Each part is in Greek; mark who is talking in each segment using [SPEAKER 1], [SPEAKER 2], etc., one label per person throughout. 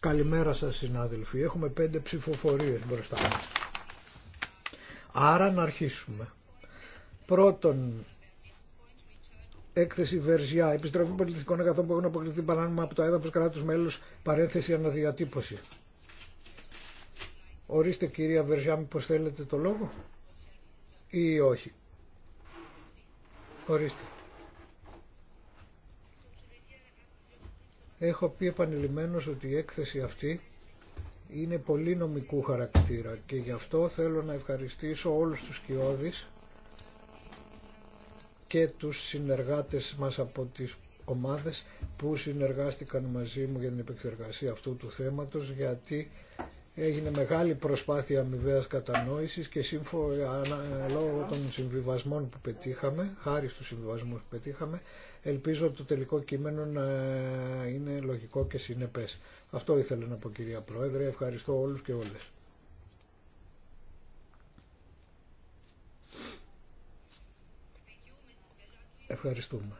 [SPEAKER 1] Καλημέρα σας συνάδελφοι. Έχουμε πέντε ψηφοφορίες μπροστά μας. Άρα να αρχίσουμε. Πρώτον, έκθεση Βερζιά. Επιστροφή πολιτιστικών εγκαθών που έχουν αποκλειστεί παράνομα από το έδαφος κράτους μέλους. Παρένθεση αναδιατύπωση. Ορίστε κυρία Βερζιά, μήπως θέλετε το λόγο ή όχι. Ορίστε. Έχω πει επανειλημμένως ότι η έκθεση αυτή είναι πολύ νομικού χαρακτήρα και γι' αυτό θέλω να ευχαριστήσω όλους τους κοιόδης και τους συνεργάτες μας από τις ομάδες που συνεργάστηκαν μαζί μου για την επεξεργασία αυτού του θέματος γιατί Έγινε μεγάλη προσπάθεια αμοιβαίας κατανόησης και σύμφωνα λόγω των συμβιβασμών που πετύχαμε, χάρη στους συμβιβασμούς που πετύχαμε, ελπίζω το τελικό κείμενο να είναι λογικό και συνεπές. Αυτό ήθελα να πω κυρία Πρόεδρε, ευχαριστώ όλους και όλες. Ευχαριστούμε.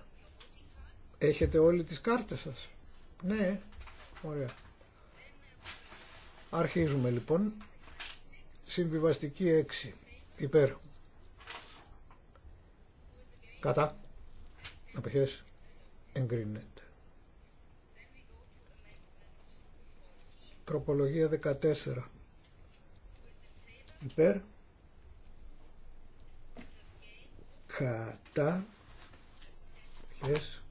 [SPEAKER 1] Έχετε όλοι τις κάρτες σας. Ναι, ε? ωραία. Αρχίζουμε λοιπόν. Συμβιβαστική 6. Υπέρ. Κατά. Αποχές. Εγκρίνεται. Τροπολογία 14. Υπέρ. Κατά. Αποχές.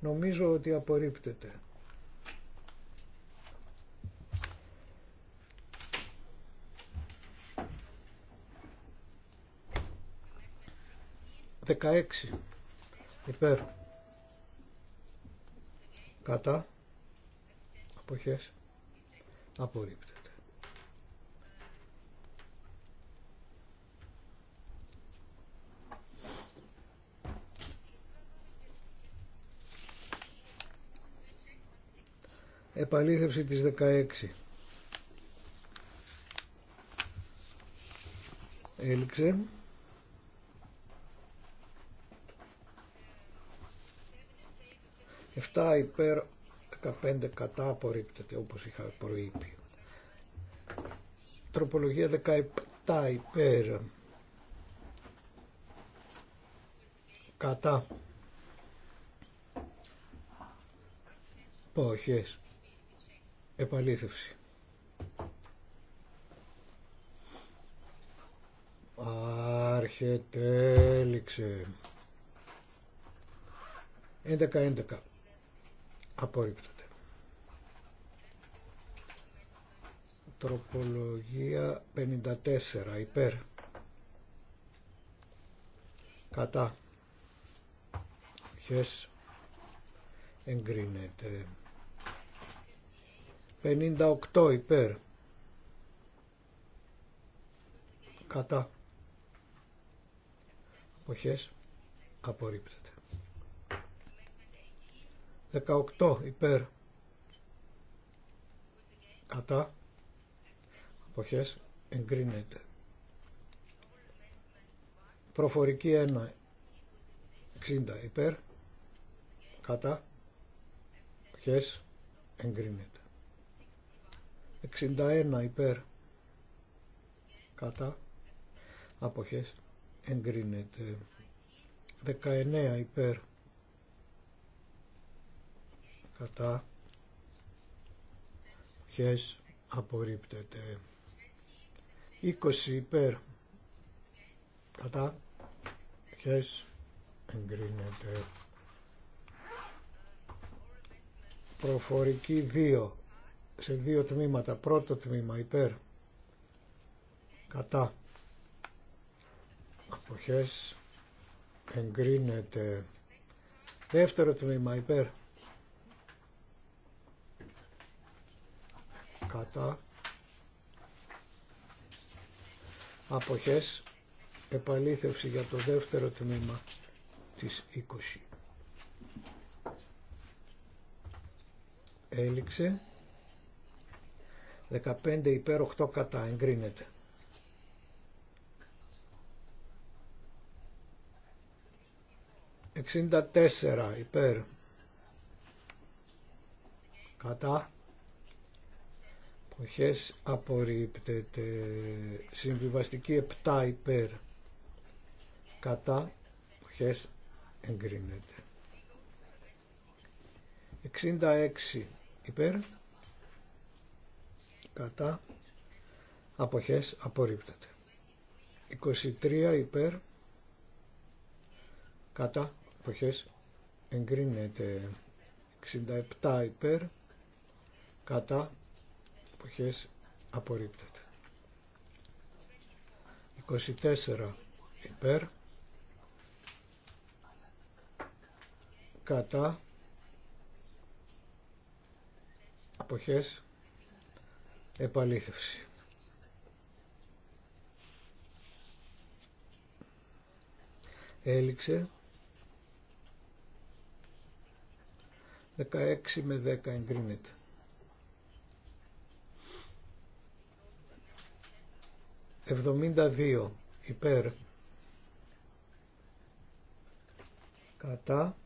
[SPEAKER 1] Νομίζω ότι απορρίπτεται. 16 υπέρ κατά αποχές απορρίπτεται. Επαλήθευση της 16. Έληξε. 7 υπέρ 15 κατά απορρίπτεται όπως είχα προείπει. Τροπολογία 17 υπέρ κατά πόχες επαλήθευση. Άρχεται, έληξε. 11-11 απορρίπτονται. Τροπολογία 54 υπέρ κατά χες εγκρίνεται 58 υπέρ κατά αποχές απορρίπτεται 18 υπέρ κατά αποχές εγκρίνεται προφορική 1 60 υπέρ κατά αποχές εγκρίνεται 61 υπέρ κατά αποχές εγκρίνεται 19 υπέρ κατά ποιες απορρίπτεται 20 υπέρ κατά ποιες εγκρίνεται προφορική 2 σε δύο τμήματα πρώτο τμήμα υπέρ κατά αποχές εγκρίνεται δεύτερο τμήμα υπέρ κατά αποχές επαλήθευση για το δεύτερο τμήμα της 20 έληξε 15 υπέρ 8 κατά εγκρίνεται 64 υπέρ κατά Αποχές απορρίπτεται. Συμβιβαστική 7 υπέρ. Κατά. Αποχές εγκρίνεται. 66 υπέρ. Κατά. Αποχές απορρίπτεται. 23 υπέρ. Κατά. Αποχές εγκρίνεται. 67 υπέρ. Κατά εποχές απορρίπτεται. 24 υπέρ κατά εποχές επαλήθευση. Έληξε 16 με 10 εγκρίνεται. 72 υπέρ κατά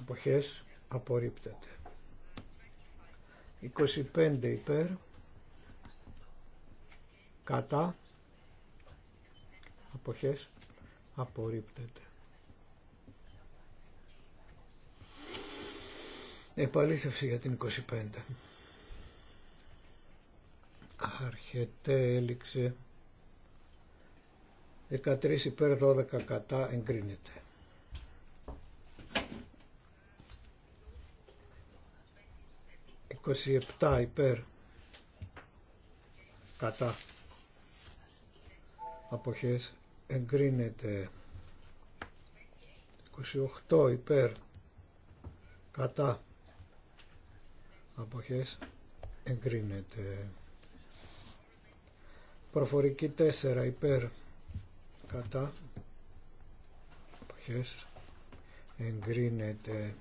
[SPEAKER 1] εποχές απορρίπτεται 25 υπέρ κατά εποχές απορρίπτεται επαλήθευση για την 25 Άρχεται, έληξε. 13 υπέρ 12 κατά εγκρίνεται. 27 υπέρ κατά αποχές εγκρίνεται 28 υπέρ κατά αποχές εγκρίνεται Προφορική 4 υπέρ κατά εποχές εγκρίνεται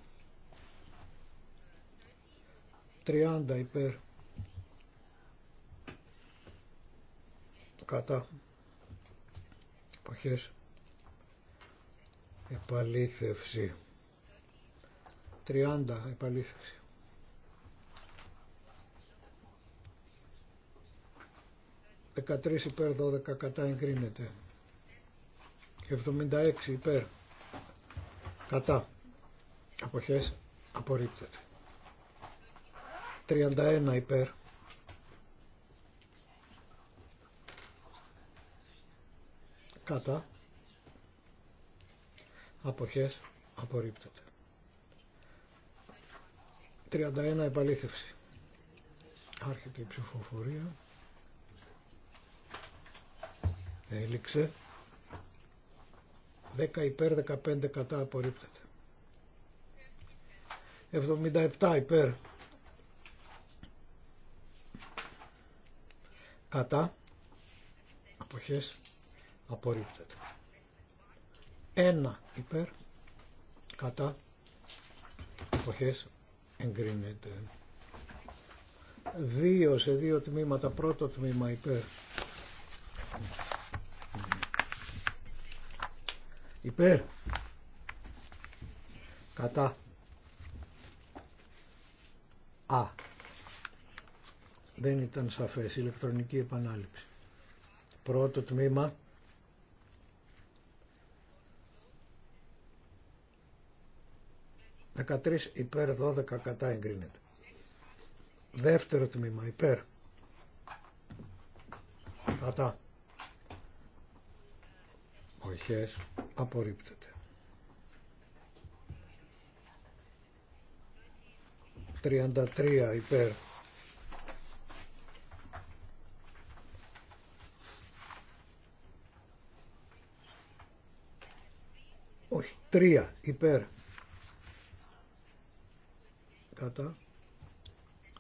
[SPEAKER 1] 30 υπέρ κατά εποχές επαλήθευση 30 επαλήθευση 13 υπέρ 12 κατά εγκρίνεται. 76 υπέρ κατά αποχές απορρίπτεται. 31 υπέρ κατά αποχές απορρίπτεται. 31 επαλήθευση. Άρχεται η ψηφοφορία. Έληξε. 10 υπέρ, 15 κατά απορρίπτεται. 77 υπέρ. Κατά. Αποχές. Απορρίπτεται. 1 υπέρ. Κατά. Αποχές. Εγκρίνεται. 2 σε 2 τμήματα. Πρώτο τμήμα υπέρ. υπέρ κατά α δεν ήταν σαφές ηλεκτρονική επανάληψη πρώτο τμήμα Δεκατρεις υπέρ 12 κατά εγκρίνεται. Δεύτερο τμήμα υπέρ. Κατά αποχές απορρίπτεται. 33 υπέρ όχι 3 υπέρ κατά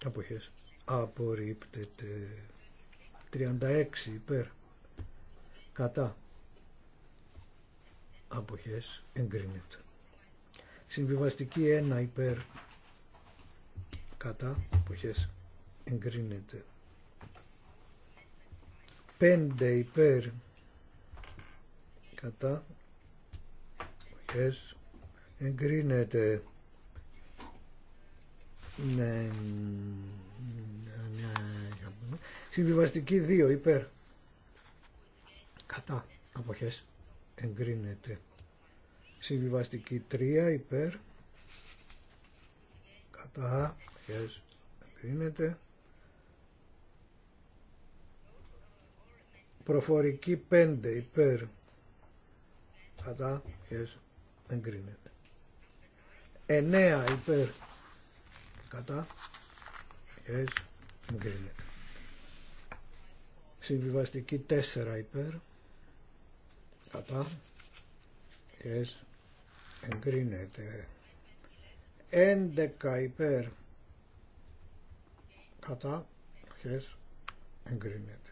[SPEAKER 1] αποχές απορρίπτεται 36 υπέρ κατά αποχές εγκρίνεται. Συμβιβαστική 1 υπέρ κατά αποχές εγκρίνεται. 5 υπέρ κατά αποχές εγκρίνεται. Ναι, ναι, ναι Συμβιβαστική 2 υπέρ κατά αποχές εγκρίνεται. Συμβιβαστική 3 υπέρ κατά yes, εγκρίνεται. Προφορική 5 υπέρ κατά yes, εγκρίνεται. 9 υπέρ κατά yes, εγκρίνεται. Συμβιβαστική 4 υπέρ κατά χες εγκρίνεται 11 υπέρ κατά χες εγκρίνεται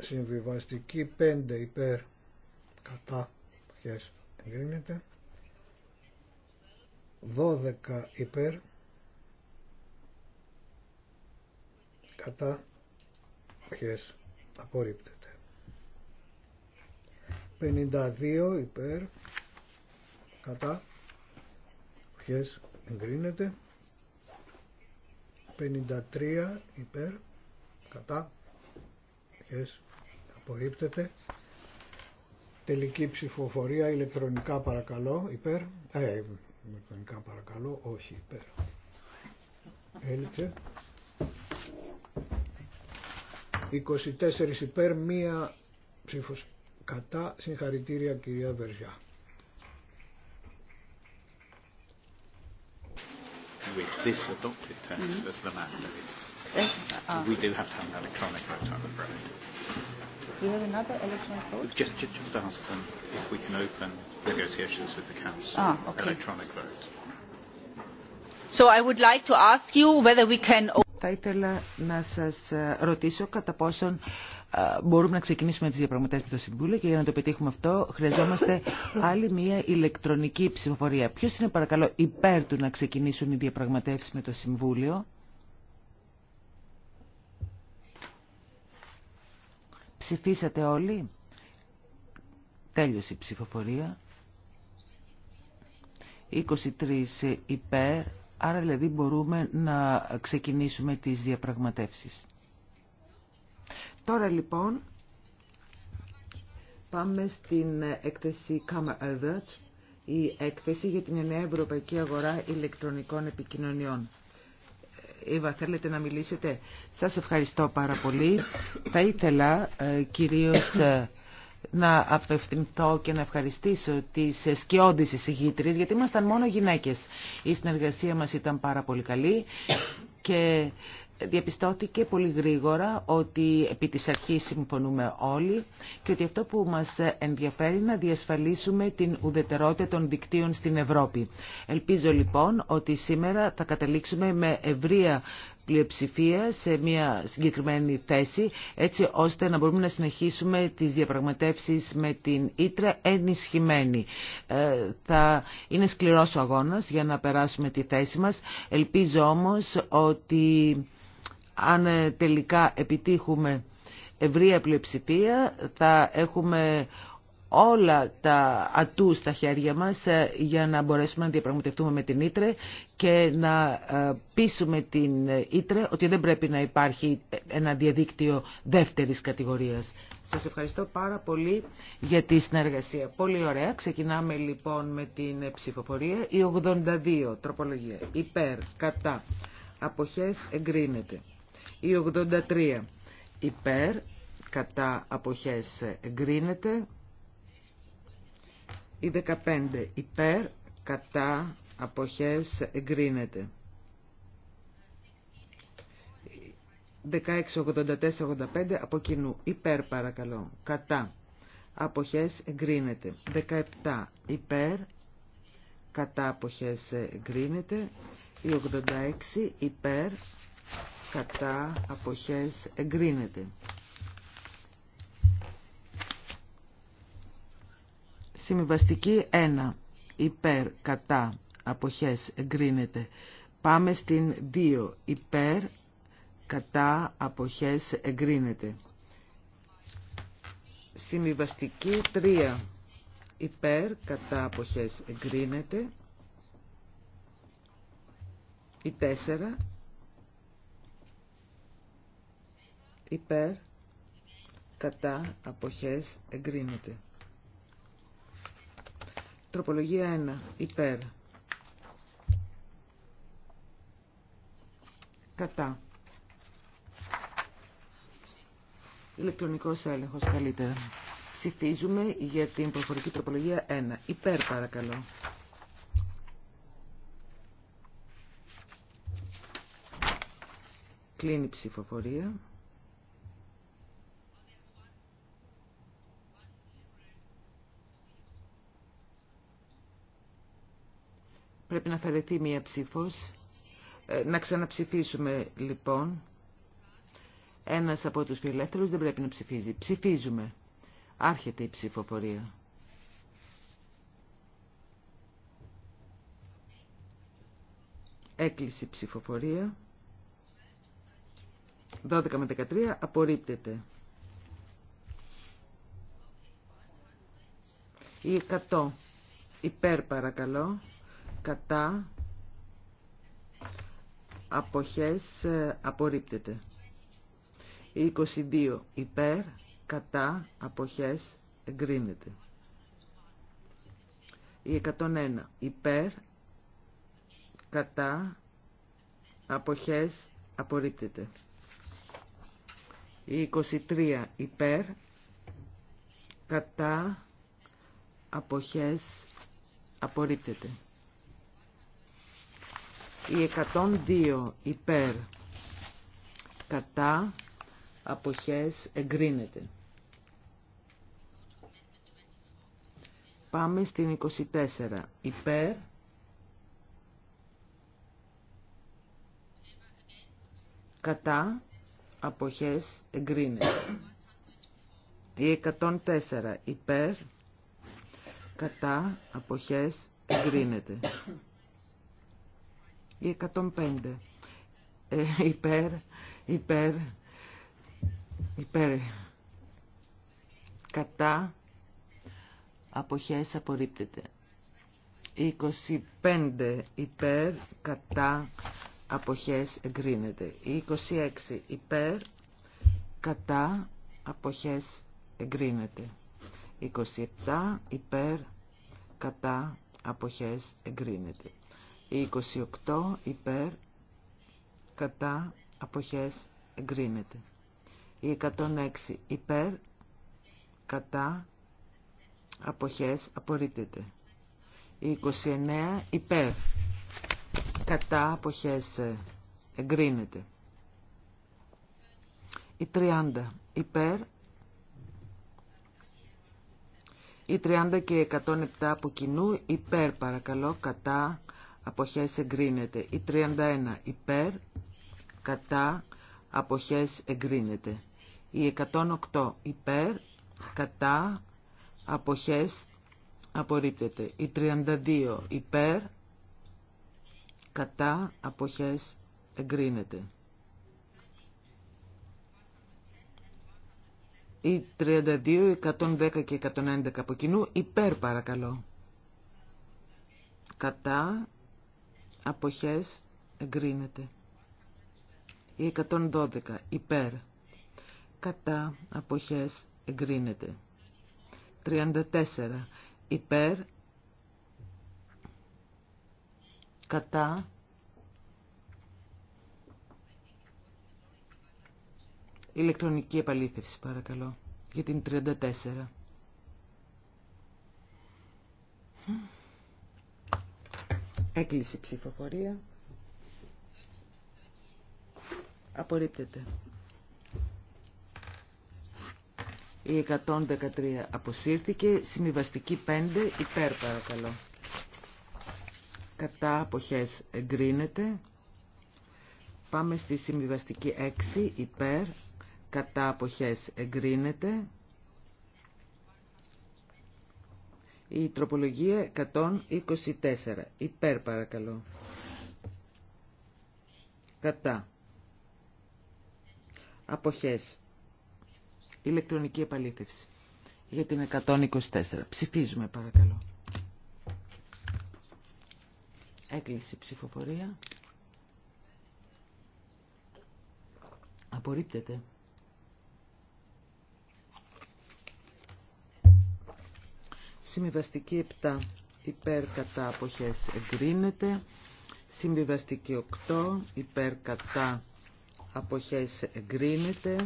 [SPEAKER 1] συμβιβαστική 5 υπέρ κατά χες εγκρίνεται 12 υπέρ κατά αποχές απορρίπτεται 52 υπέρ κατά αποχές εγκρίνεται 53 υπέρ κατά αποχές απορρίπτεται τελική ψηφοφορία ηλεκτρονικά παρακαλώ υπέρ ε, ηλεκτρονικά παρακαλώ όχι υπέρ έλειξε 24 υπέρ, μία ψήφος κατά. Συγχαρητήρια κυρία Βεριά. With this adopted text, as the matter We do have to have an electronic vote, I'm afraid.
[SPEAKER 2] You have another electronic vote? Just, just, just ask them if we can open
[SPEAKER 1] negotiations with the Council. Ah, okay. Electronic vote.
[SPEAKER 3] So I would like to ask you whether we can θα ήθελα να σας ε, ρωτήσω κατά πόσον ε, μπορούμε να ξεκινήσουμε τις διαπραγματεύσεις με το Συμβούλιο και για να το πετύχουμε αυτό χρειαζόμαστε άλλη μία ηλεκτρονική ψηφοφορία. Ποιος είναι παρακαλώ υπέρ του να ξεκινήσουν οι διαπραγματεύσεις με το Συμβούλιο. Ψηφίσατε όλοι. Τέλειωσε η ψηφοφορία. 23 υπέρ, Άρα δηλαδή μπορούμε να ξεκινήσουμε τις διαπραγματεύσεις. Τώρα λοιπόν πάμε στην έκθεση Camera η έκθεση για την νέα ευρωπαϊκή αγορά ηλεκτρονικών επικοινωνιών. Ήβα, θέλετε να μιλήσετε. Σας ευχαριστώ πάρα πολύ. Θα ήθελα ε, κυρίως ε, να απευθυνθώ και να ευχαριστήσω τις σκιώδεις εισηγήτρες γιατί ήμασταν μόνο γυναίκες. Η συνεργασία μας ήταν πάρα πολύ καλή και διαπιστώθηκε πολύ γρήγορα ότι επί της αρχής συμφωνούμε όλοι και ότι αυτό που μας ενδιαφέρει να διασφαλίσουμε την ουδετερότητα των δικτύων στην Ευρώπη. Ελπίζω λοιπόν ότι σήμερα θα καταλήξουμε με ευρεία πλειοψηφία σε μια συγκεκριμένη θέση έτσι ώστε να μπορούμε να συνεχίσουμε τις διαπραγματεύσεις με την Ήτρα ενισχυμένη. Ε, θα είναι σκληρός ο αγώνας για να περάσουμε τη θέση μας. Ελπίζω όμως ότι αν τελικά επιτύχουμε ευρεία πλειοψηφία θα έχουμε όλα τα ατού στα χέρια μας ε, για να μπορέσουμε να διαπραγματευτούμε με την Ήτρε και να ε, πείσουμε την ε, Ήτρε ότι δεν πρέπει να υπάρχει ένα διαδίκτυο δεύτερης κατηγορίας. Σας ευχαριστώ πάρα πολύ για τη συνεργασία. Πολύ ωραία. Ξεκινάμε λοιπόν με την ψηφοφορία. Η 82 τροπολογία. Υπέρ, κατά, αποχές εγκρίνεται. Η 83 υπέρ, κατά, αποχές εγκρίνεται ή 15 υπέρ κατά αποχές εγκρίνεται 16-84-85 από κοινού υπέρ παρακαλώ κατά αποχές εγκρίνεται 17 υπέρ κατά αποχές εγκρίνεται η 86 υπέρ κατά αποχές εγκρίνεται Συμβαστική 1. Υπέρ, κατά, αποχές, εγκρίνεται. Πάμε στην 2. Υπέρ, κατά, αποχές, εγκρίνεται. Συμβαστική 3. Υπέρ, κατά, αποχές, εγκρίνεται. Η 4. Υπέρ, κατά, αποχές, εγκρίνεται. Τροπολογία 1. Υπέρ. Κατά. Ηλεκτρονικός έλεγχος καλύτερα. Ψηφίζουμε για την προφορική τροπολογία 1. Υπέρ παρακαλώ. Κλείνει η ψηφοφορία. Πρέπει να αφαιρεθεί μία ψήφος. Ε, να ξαναψηφίσουμε λοιπόν. Ένας από τους φιλελεύθερους δεν πρέπει να ψηφίζει. Ψηφίζουμε. Άρχεται η ψηφοφορία. Έκλεισε η ψηφοφορία. 12 με 13 απορρίπτεται. Η 100 υπέρ παρακαλώ κατά αποχές ε, απορρίπτεται. 22 υπέρ κατά αποχές εγκρίνεται. Η 101 υπέρ κατά αποχές απορρίπτεται. Η 23 υπέρ κατά αποχές απορρίπτεται. Η 102 υπέρ κατά αποχές εγκρίνεται. Πάμε στην 24. Υπέρ κατά αποχές εγκρίνεται. Η 104 υπέρ κατά αποχές εγκρίνεται. Η 105. Ε, υπέρ, Κατά. Αποχές απορρίπτεται. 25 υπέρ, κατά, αποχές εγκρίνεται. 26 υπέρ, κατά, αποχές εγκρίνεται. 27 υπέρ, κατά, αποχές εγκρίνεται. Η 28 υπέρ κατά αποχές εγκρίνεται. Η 106 υπέρ κατά αποχές απορρίπτεται. Η 29 υπέρ κατά αποχές εγκρίνεται. Η 30 υπέρ η 30 και 107 από κοινού υπέρ παρακαλώ κατά αποχές εγκρίνεται. Η 31 υπέρ, κατά, αποχές εγκρίνεται. Η 108 υπέρ, κατά, αποχές απορρίπτεται. Η 32 υπέρ, κατά, αποχές εγκρίνεται. η 32, 110 και 111 από κοινού υπέρ παρακαλώ. Κατά αποχές εγκρίνεται. Η 112 υπέρ κατά αποχές εγκρίνεται. 34 υπέρ κατά ηλεκτρονική επαλήθευση παρακαλώ για την 34. Έκλεισε η ψηφοφορία. Απορρίπτεται. Η 113 αποσύρθηκε. Συμβιβαστική 5 υπέρ παρακαλώ. Κατά αποχές εγκρίνεται. Πάμε στη συμβιβαστική 6 υπέρ. Κατά αποχές εγκρίνεται. Η τροπολογία 124. Υπέρ παρακαλώ. Κατά. Αποχές. Ηλεκτρονική επαλήθευση. Για την 124. Ψηφίζουμε παρακαλώ. Έκλειση ψηφοφορία. Απορρίπτεται. Συμβιβαστική 7 υπέρ κατά αποχές εγκρίνεται. Συμβιβαστική 8 υπέρ κατά αποχές εγκρίνεται.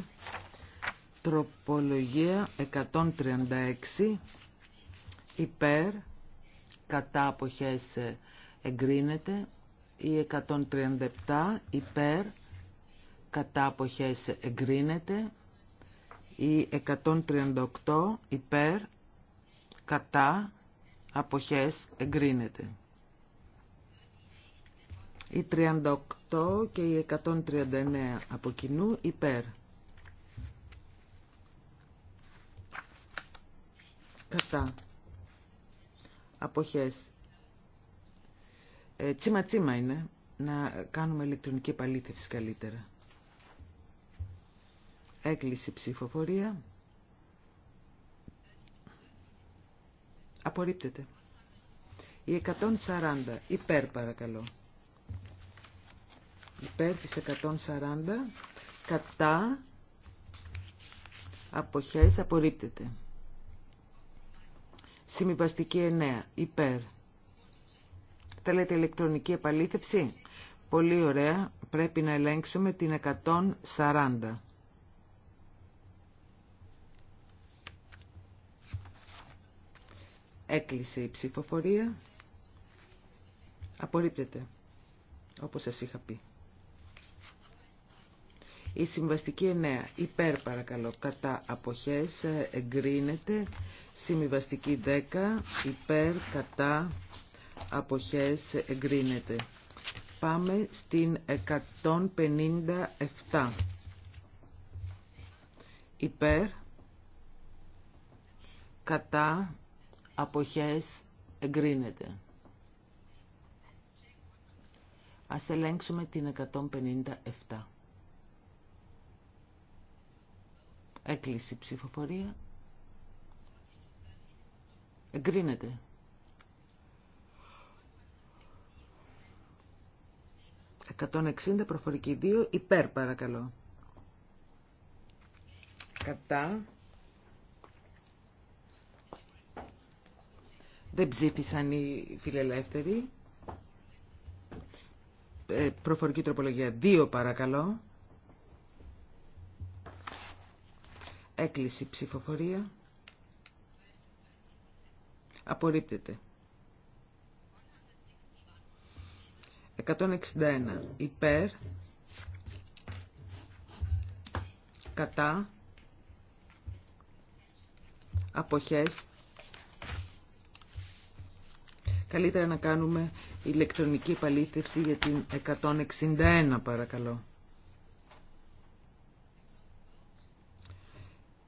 [SPEAKER 3] Τροπολογία 136 υπέρ κατά αποχές εγκρίνεται. Η 137 υπέρ κατά αποχές εγκρίνεται. Η 138 υπέρ κατά, αποχές, εγκρίνεται. Οι 38 και οι 139 από κοινού υπέρ. Κατά. Αποχές. Ε, τσίμα τσίμα είναι. Να κάνουμε ηλεκτρονική επαλήθευση καλύτερα. Έκλεισε ψηφοφορία. Απορρίπτεται. Η 140. Υπέρ παρακαλώ. Υπέρ της 140. Κατά. Αποχές. Απορρίπτεται. Συμβιβαστική 9. Υπέρ. Θέλετε ηλεκτρονική επαλήθευση. Πολύ ωραία. Πρέπει να ελέγξουμε την 140. Έκλεισε η ψηφοφορία. Απορρίπτεται, όπως σας είχα πει. Η συμβαστική 9, υπέρ παρακαλώ, κατά αποχές, εγκρίνεται. Συμβαστική 10, υπέρ, κατά αποχές, εγκρίνεται. Πάμε στην 157. Υπέρ, κατά αποχές εγκρίνεται. Ας ελέγξουμε την 157. Έκλεισε η ψηφοφορία. Εγκρίνεται. 160 προφορική δύο υπέρ παρακαλώ. Κατά Δεν ψήφισαν οι φιλελεύθεροι. Ε, προφορική τροπολογία 2 παρακαλώ. Έκλειση ψηφοφορία. Απορρίπτεται. 161 υπέρ. Κατά. Αποχές Καλύτερα να κάνουμε ηλεκτρονική επαλήθευση για την 161 παρακαλώ.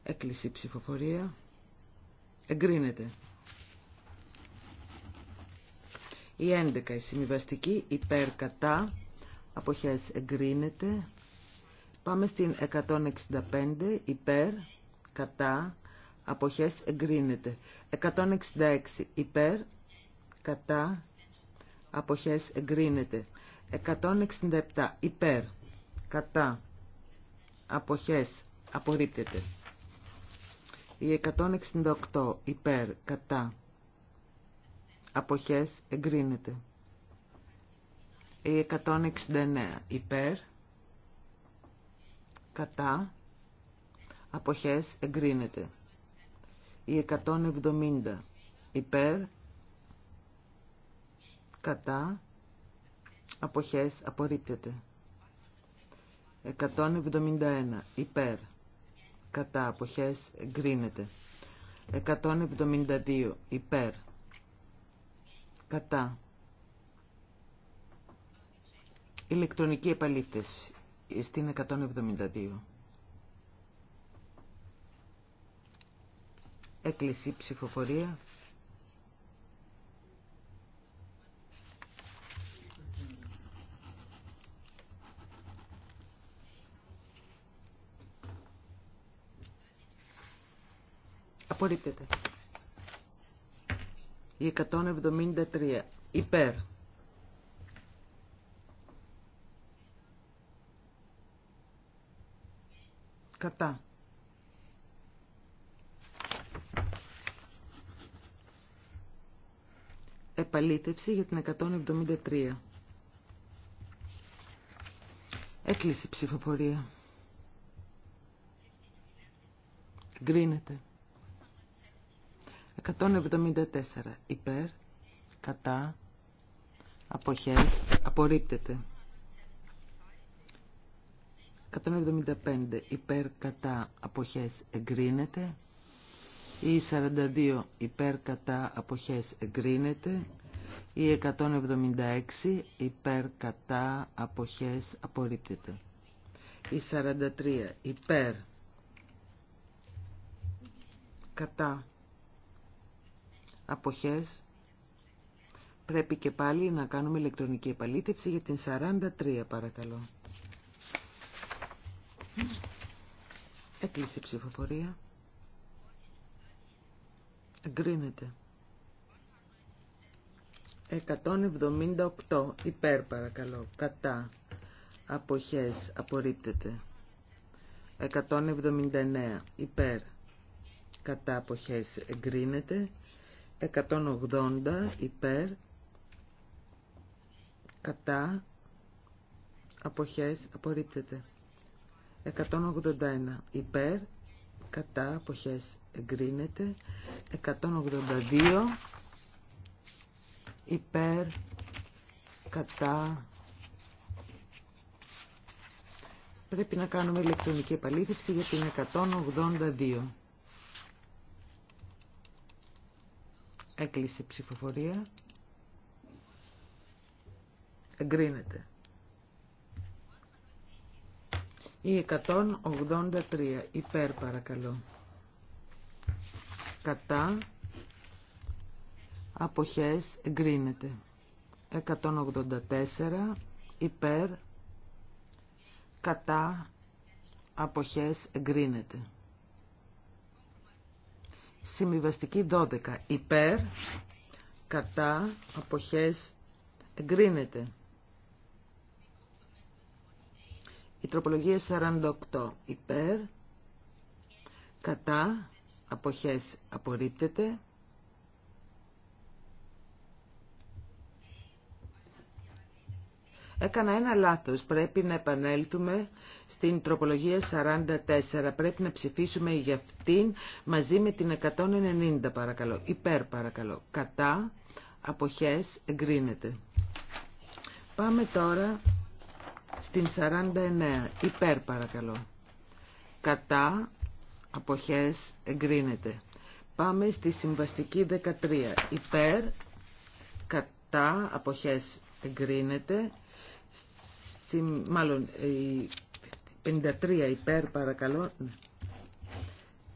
[SPEAKER 3] Έκλεισε η ψηφοφορία. Εγκρίνεται. Η 11 η συμβιβαστική υπέρ κατά αποχές εγκρίνεται. Πάμε στην 165 υπέρ κατά αποχές εγκρίνεται. 166 υπέρ κατά αποχές εγκρίνεται 167 υπέρ κατά αποχές απορρίπτεται η 168 υπέρ κατά αποχές εγκρίνεται η 169 υπέρ κατά αποχές εγκρίνεται η 170 υπέρ κατά, αποχές, απορρίπτεται. 171 υπέρ, κατά, αποχές, γκρίνεται. 172 υπέρ, κατά. Ηλεκτρονική επαλήφθηση στην 172. Έκλειση ψηφοφορία. Απορρίπτεται. Η 173. Υπέρ. Κατά. Επαλήτευση για την 173. Έκλεισε η ψηφοφορία. Γκρίνεται. 174 υπέρ, κατά, αποχές, απορρίπτεται. 175 υπέρ, κατά, αποχές, εγκρίνεται. Η 42 υπέρ, κατά, αποχές, εγκρίνεται. Η 176 υπέρ, κατά, αποχές, απορρίπτεται. Η 43 υπέρ, κατά, αποχές πρέπει και πάλι να κάνουμε ηλεκτρονική επαλήθευση για την 43 παρακαλώ. Έκλεισε η ψηφοφορία. Εγκρίνεται. 178 υπέρ παρακαλώ. Κατά. Αποχές. Απορρίπτεται. 179 υπέρ. Κατά αποχές εγκρίνεται. 180 υπέρ κατά αποχές απορρίπτεται 181 υπέρ κατά αποχές εγκρίνεται 182 υπέρ κατά πρέπει να κάνουμε ηλεκτρονική επαλήθευση για την 182 Έκλεισε ψηφοφορία. Εγκρίνεται. Ή 183. Υπέρ παρακαλώ. Κατά. Αποχές. Εγκρίνεται. 184. Υπέρ. Κατά. Αποχές. Εγκρίνεται. Συμβιβαστική 12. Υπέρ, κατά, αποχές, εγκρίνεται. Η τροπολογία 48. Υπέρ, κατά, αποχές, απορρίπτεται. Έκανα ένα λάθος. Πρέπει να επανέλθουμε στην τροπολογία 44. Πρέπει να ψηφίσουμε για αυτήν μαζί με την 190 παρακαλώ. Υπέρ παρακαλώ. Κατά αποχές εγκρίνεται. Πάμε τώρα στην 49. Υπέρ παρακαλώ. Κατά αποχές εγκρίνεται. Πάμε στη συμβαστική 13. Υπέρ, κατά, αποχές εγκρίνεται μάλλον η 53 υπέρ παρακαλώ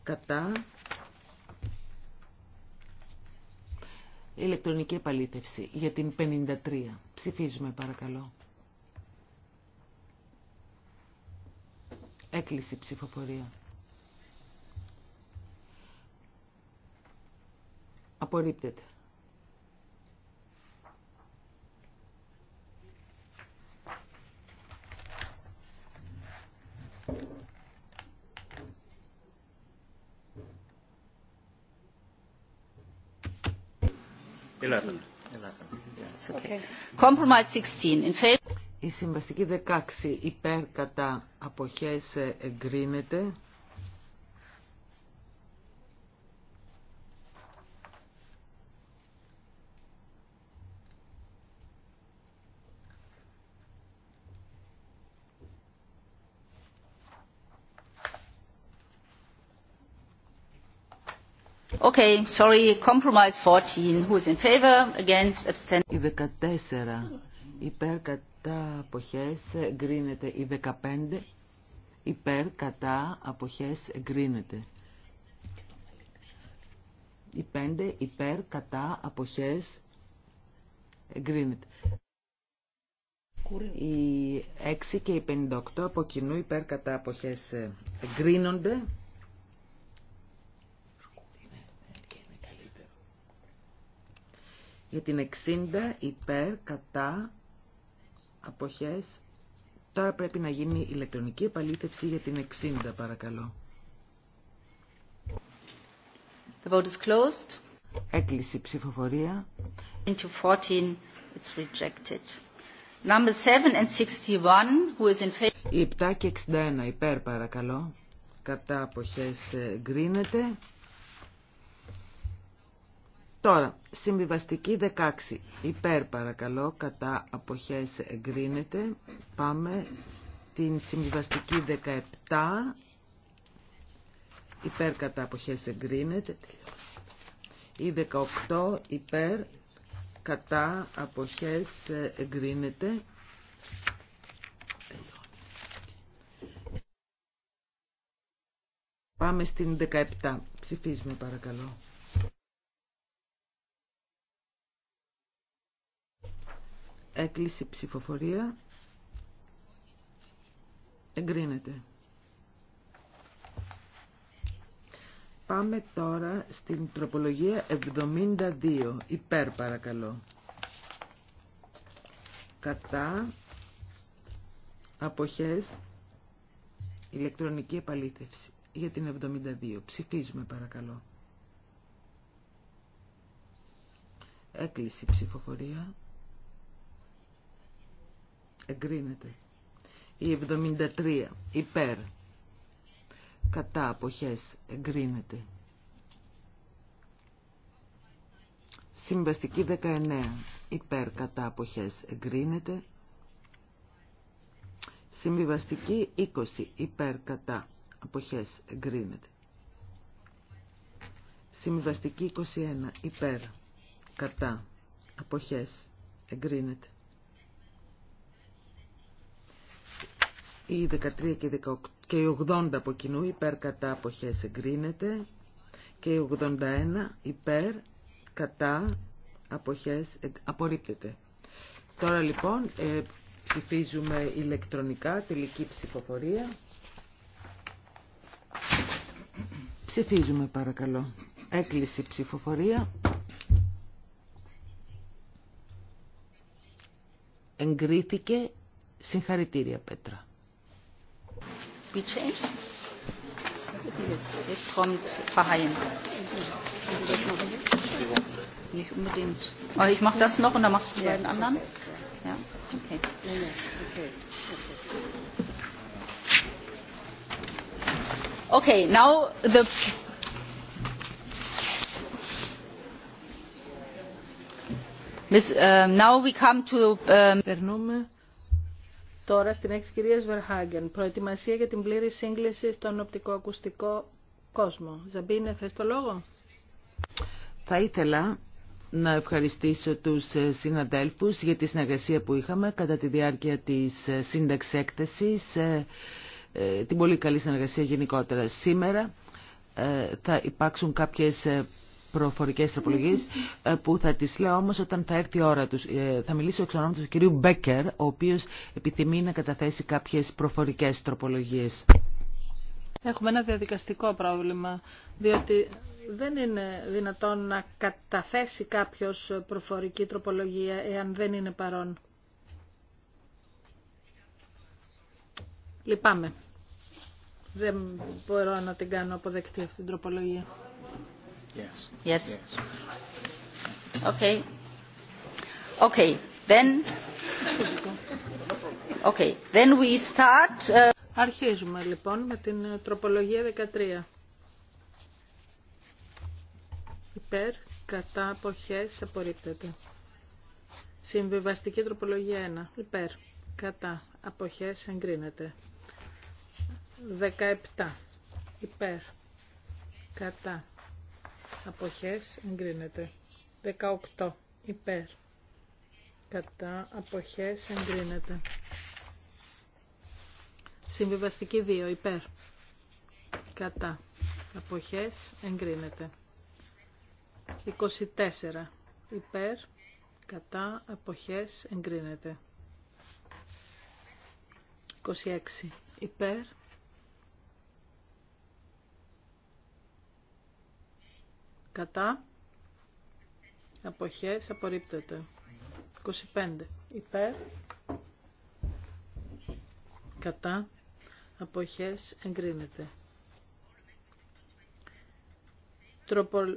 [SPEAKER 3] κατά ηλεκτρονική επαλήθευση για την 53 ψηφίζουμε παρακαλώ Έκλειση ψηφοφορία απορρίπτεται Η συμβαστική 16 υπέρ κατά αποχές εγκρίνεται. Okay, sorry, compromise 14. in favor? Against, abstain. Η 14 υπέρ κατά αποχές εγκρίνεται. Η 15 υπέρ κατά αποχές εγκρίνεται. Η 5 υπέρ κατά αποχές εγκρίνεται. Οι 6 και οι 58 από κοινού υπέρ κατά αποχές εγκρίνονται. Για την 60 υπέρ, κατά, αποχές. Τώρα πρέπει να γίνει ηλεκτρονική επαλήθευση για την 60 παρακαλώ. The vote is closed. Έκλεισε η ψηφοφορία.
[SPEAKER 2] Into 14, it's rejected. Number 7 and 61, who
[SPEAKER 3] is in favor. Η 7 και 61 υπέρ παρακαλώ. Κατά αποχές ε, γκρίνεται. Τώρα, συμβιβαστική 16. Υπέρ παρακαλώ, κατά αποχές εγκρίνεται. Πάμε την συμβιβαστική 17. Υπέρ κατά αποχές εγκρίνεται. Η 18 υπέρ κατά αποχές εγκρίνεται. Πάμε στην 17. Ψηφίζουμε παρακαλώ. Έκλεισε ψηφοφορία. Εγκρίνεται. Πάμε τώρα στην τροπολογία 72. Υπέρ παρακαλώ. Κατά αποχές ηλεκτρονική επαλήθευση για την 72. Ψηφίζουμε παρακαλώ. Έκλεισε ψηφοφορία εγκρίνεται. Η 73 υπέρ κατά αποχές εγκρίνεται. Συμβαστική 19 υπέρ κατά αποχές εγκρίνεται. Συμβιβαστική 20 υπέρ κατά αποχές εγκρίνεται. Συμβιβαστική 21 υπέρ κατά αποχές εγκρίνεται. η 13 και 18, και 80 από κοινού υπέρ κατά αποχές εγκρίνεται και οι 81 υπέρ κατά αποχές απορρίπτεται. Τώρα λοιπόν ε, ψηφίζουμε ηλεκτρονικά τελική ψηφοφορία. Ψηφίζουμε παρακαλώ. Έκλειση ψηφοφορία. Εγκρίθηκε. Συγχαρητήρια Πέτρα
[SPEAKER 2] be changed? Jetzt kommt Verheyen. Nicht unbedingt. Aber ich mache das noch und dann machst du die beiden anderen. Ja, okay. Okay, now the Now we come to. Τώρα στην έκτη κυρία Βερχάγκεν. Προετοιμασία για την πλήρη σύγκληση στον οπτικοακουστικό κόσμο. Ζαμπίνε, θε το λόγο?
[SPEAKER 3] Θα ήθελα να ευχαριστήσω τους ε, συναδέλφους για τη συνεργασία που είχαμε κατά τη διάρκεια της ε, σύνταξη έκθεσης, ε, την πολύ καλή συνεργασία γενικότερα. Σήμερα θα υπάρξουν κάποιες προφορικές τροπολογίες ε, που θα τις λέω όμως όταν θα έρθει η ώρα τους. Ε, θα μιλήσω εξ ονόματος του κυρίου Μπέκερ, ο οποίος επιθυμεί να καταθέσει κάποιες προφορικές τροπολογίες.
[SPEAKER 2] Έχουμε ένα διαδικαστικό πρόβλημα, διότι δεν είναι δυνατόν να καταθέσει κάποιος προφορική τροπολογία εάν δεν είναι παρόν. Λυπάμαι. Δεν μπορώ να την κάνω αποδεκτή αυτή την τροπολογία. Yes. Yes. Okay. Okay. Then. Okay. Then we start. Uh, Αρχίζουμε λοιπόν με την ε, τροπολογία 13. Υπέρ, κατά, αποχές, απορρίπτεται. Συμβιβαστική τροπολογία 1. Υπέρ, κατά, αποχές, εγκρίνεται. 17. Υπέρ, κατά, αποχές εγκρίνεται. 18 υπέρ κατά αποχές εγκρίνεται. Συμβιβαστική 2 υπέρ κατά αποχές εγκρίνεται. 24 υπέρ κατά αποχές εγκρίνεται. 26 υπέρ Κατά. Αποχές απορρίπτεται. 25. Υπέρ. Κατά. Αποχές εγκρίνεται.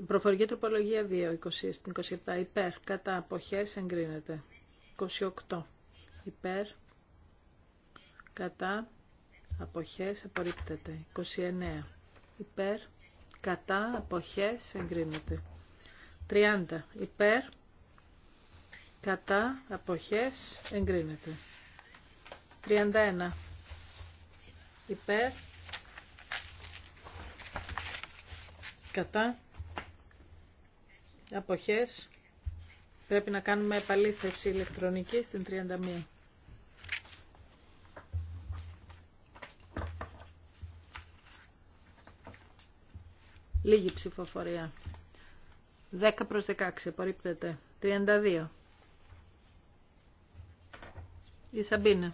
[SPEAKER 2] Προφορική τροπολογία 2, 20 στην 27. Υπέρ, κατά, αποχές, εγκρίνεται. 28. Υπέρ, κατά, αποχές, απορρίπτεται. 29. Υπέρ, κατά αποχές εγκρίνεται. 30 υπέρ κατά αποχές εγκρίνεται. 31 υπέρ κατά αποχές πρέπει να κάνουμε επαλήθευση ηλεκτρονική στην 31. Λίγη ψηφοφορία. 10 προς 16 απορρίπτεται. 32. Η Σαμπίνα.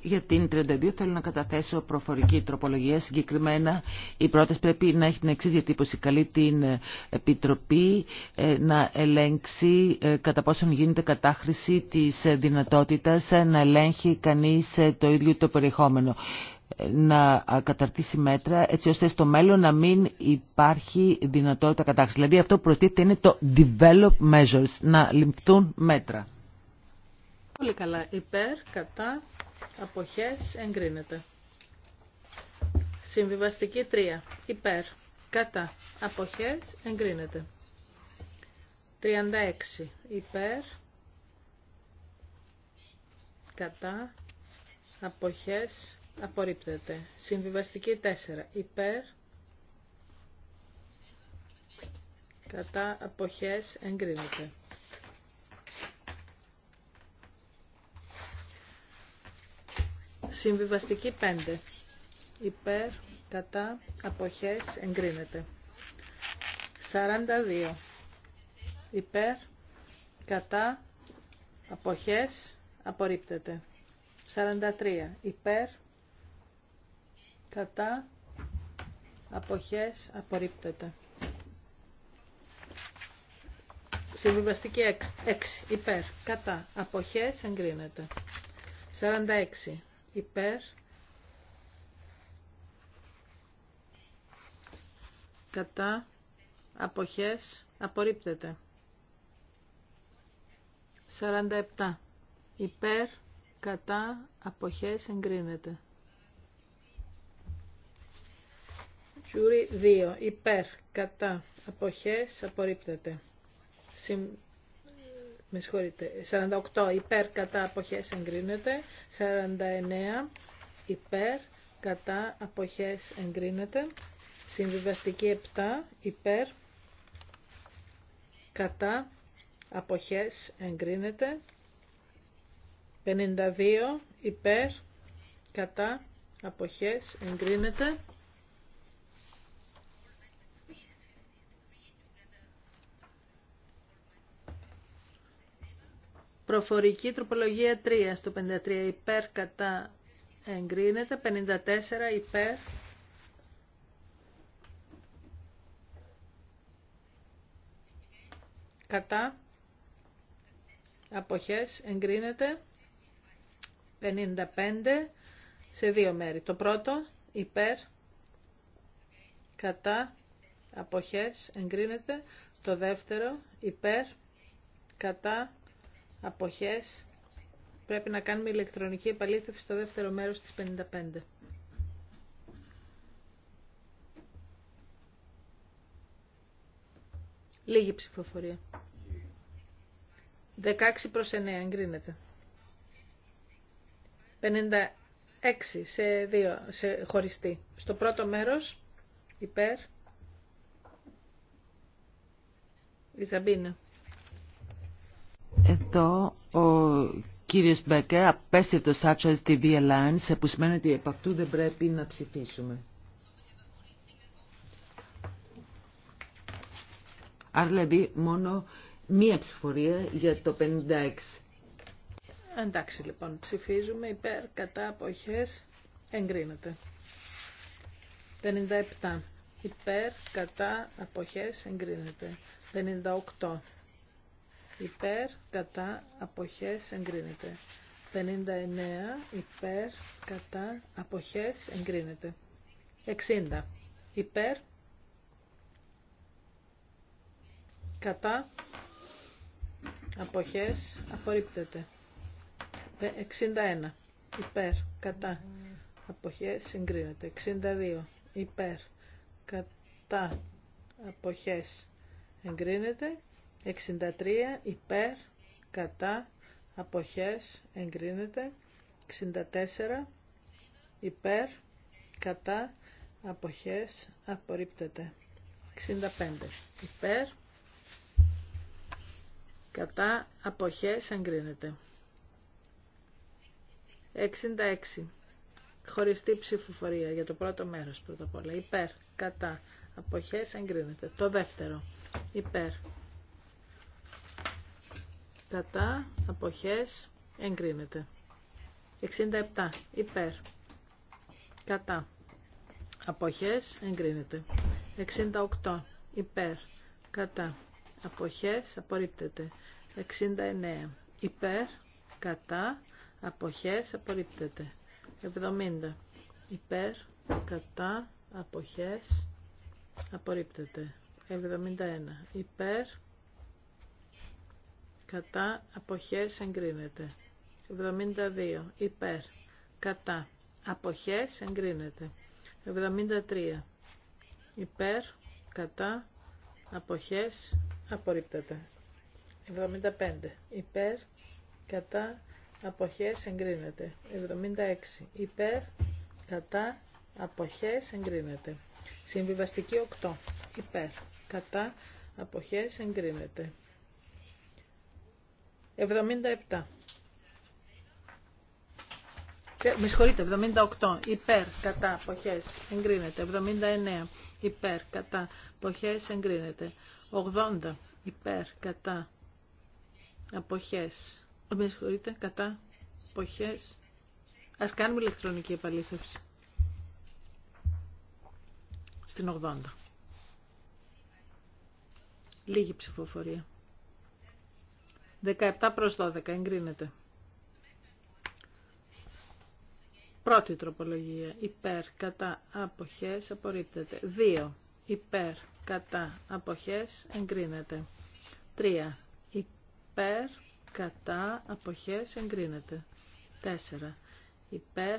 [SPEAKER 3] Για την 32 θέλω να καταθέσω προφορική τροπολογία. Συγκεκριμένα η πρόταση πρέπει να έχει την εξή διατύπωση. Καλεί την ε, Επιτροπή ε, να ελέγξει ε, κατά πόσον γίνεται κατάχρηση της δυνατότητας να ελέγχει κανείς το ίδιο το περιεχόμενο να καταρτήσει μέτρα έτσι ώστε στο μέλλον να μην υπάρχει δυνατότητα κατάξυσης. Δηλαδή αυτό που προτείνεται είναι το develop measures, να ληφθούν μέτρα.
[SPEAKER 2] Πολύ καλά. Υπέρ, κατά, αποχές, εγκρίνεται. Συμβιβαστική 3. Υπέρ, κατά, αποχές, εγκρίνεται. 36. Υπέρ, κατά, αποχές, απορρίπτεται. Συμβιβαστική 4 υπέρ, κατά αποχές εγκρίνεται. Συμβιβαστική 5 υπέρ, κατά αποχές εγκρίνεται. 42 υπέρ, κατά αποχές απορρίπτεται. 43 υπέρ, κατά αποχές απορρίπτεται. Συμβιβαστική 6, 6 υπέρ κατά αποχές εγκρίνεται. 46 υπέρ κατά αποχές απορρίπτεται. 47 υπέρ κατά αποχές εγκρίνεται. Γιούρι 2. Υπέρ. Κατά. Αποχές. Απορρίπτεται. Συμ... Με συγχωρείτε. 48. Υπέρ. Κατά. Αποχές. Εγκρίνεται. 49. Υπέρ. Κατά. Αποχές. Εγκρίνεται. Συμβιβαστική 7. Υπέρ. Κατά. Αποχές. Εγκρίνεται. 52. Υπέρ. Κατά. Αποχές. Εγκρίνεται. Προφορική τροπολογία 3 στο 53 υπέρ κατά εγκρίνεται, 54 υπέρ κατά αποχές εγκρίνεται, 55 σε δύο μέρη. Το πρώτο υπέρ κατά αποχές εγκρίνεται, το δεύτερο υπέρ κατά αποχές πρέπει να κάνουμε ηλεκτρονική επαλήθευση στο δεύτερο μέρος της 55. Λίγη ψηφοφορία. 16 προς 9 εγκρίνεται. 56 σε δύο, σε χωριστή. Στο πρώτο μέρος, υπέρ, η Ζαμπίνα
[SPEAKER 3] αυτό ο κύριος Μπεκέ απέστειλε το Satchel TV Alliance που σημαίνει ότι επ' αυτού δεν πρέπει να ψηφίσουμε. Άρα δηλαδή μόνο μία ψηφορία για το 56.
[SPEAKER 2] Εντάξει λοιπόν, ψηφίζουμε υπέρ, κατά, αποχές, εγκρίνεται. 57. Υπέρ, κατά, αποχές, εγκρίνεται. 58 υπέρ, κατά, αποχές, εγκρίνεται. 59 υπέρ, κατά, αποχές, εγκρίνεται. 60 υπέρ, κατά, αποχές, απορρίπτεται. 61 ε, υπέρ, κατά, αποχές, εγκρίνεται. 62 υπέρ, κατά, αποχές, εγκρίνεται. 63 υπέρ κατά αποχές εγκρίνεται 64 υπέρ κατά αποχές απορρίπτεται 65 υπέρ κατά αποχές εγκρίνεται 66 χωριστή ψηφοφορία για το πρώτο μέρος πρώτα απ' όλα υπέρ κατά αποχές εγκρίνεται το δεύτερο υπέρ Κατά αποχές εγκρίνεται. 67 υπέρ. Κατά αποχές εγκρίνεται. 68 υπέρ. Κατά αποχές απορρίπτεται. 69 υπέρ. Κατά αποχές απορρίπτεται. 70 υπέρ. Κατά αποχές απορρίπτεται. 71 υπέρ κατά αποχές εγκρίνεται. 72 υπέρ κατά αποχές εγκρίνεται. 73 υπέρ κατά αποχές απορρίπτεται. 75 υπέρ κατά αποχές εγκρίνεται. 76 υπέρ κατά αποχές εγκρίνεται. Συμβιβαστική 8 υπέρ κατά αποχές εγκρίνεται. 77. Ε, με συγχωρείτε, 78. Υπέρ, κατά, ποχές, εγκρίνεται. 79. Υπέρ, κατά, ποχές, εγκρίνεται. 80. Υπέρ, κατά, αποχές. Με συγχωρείτε, κατά, ποχές. Ας κάνουμε ηλεκτρονική επαλήθευση. Στην 80. Λίγη ψηφοφορία. 17 προς 12 εγκρίνεται. Πρώτη τροπολογία. Υπέρ κατά αποχές απορρίπτεται. 2. Υπέρ κατά αποχές εγκρίνεται. 3. Υπέρ κατά αποχές εγκρίνεται. 4. Υπέρ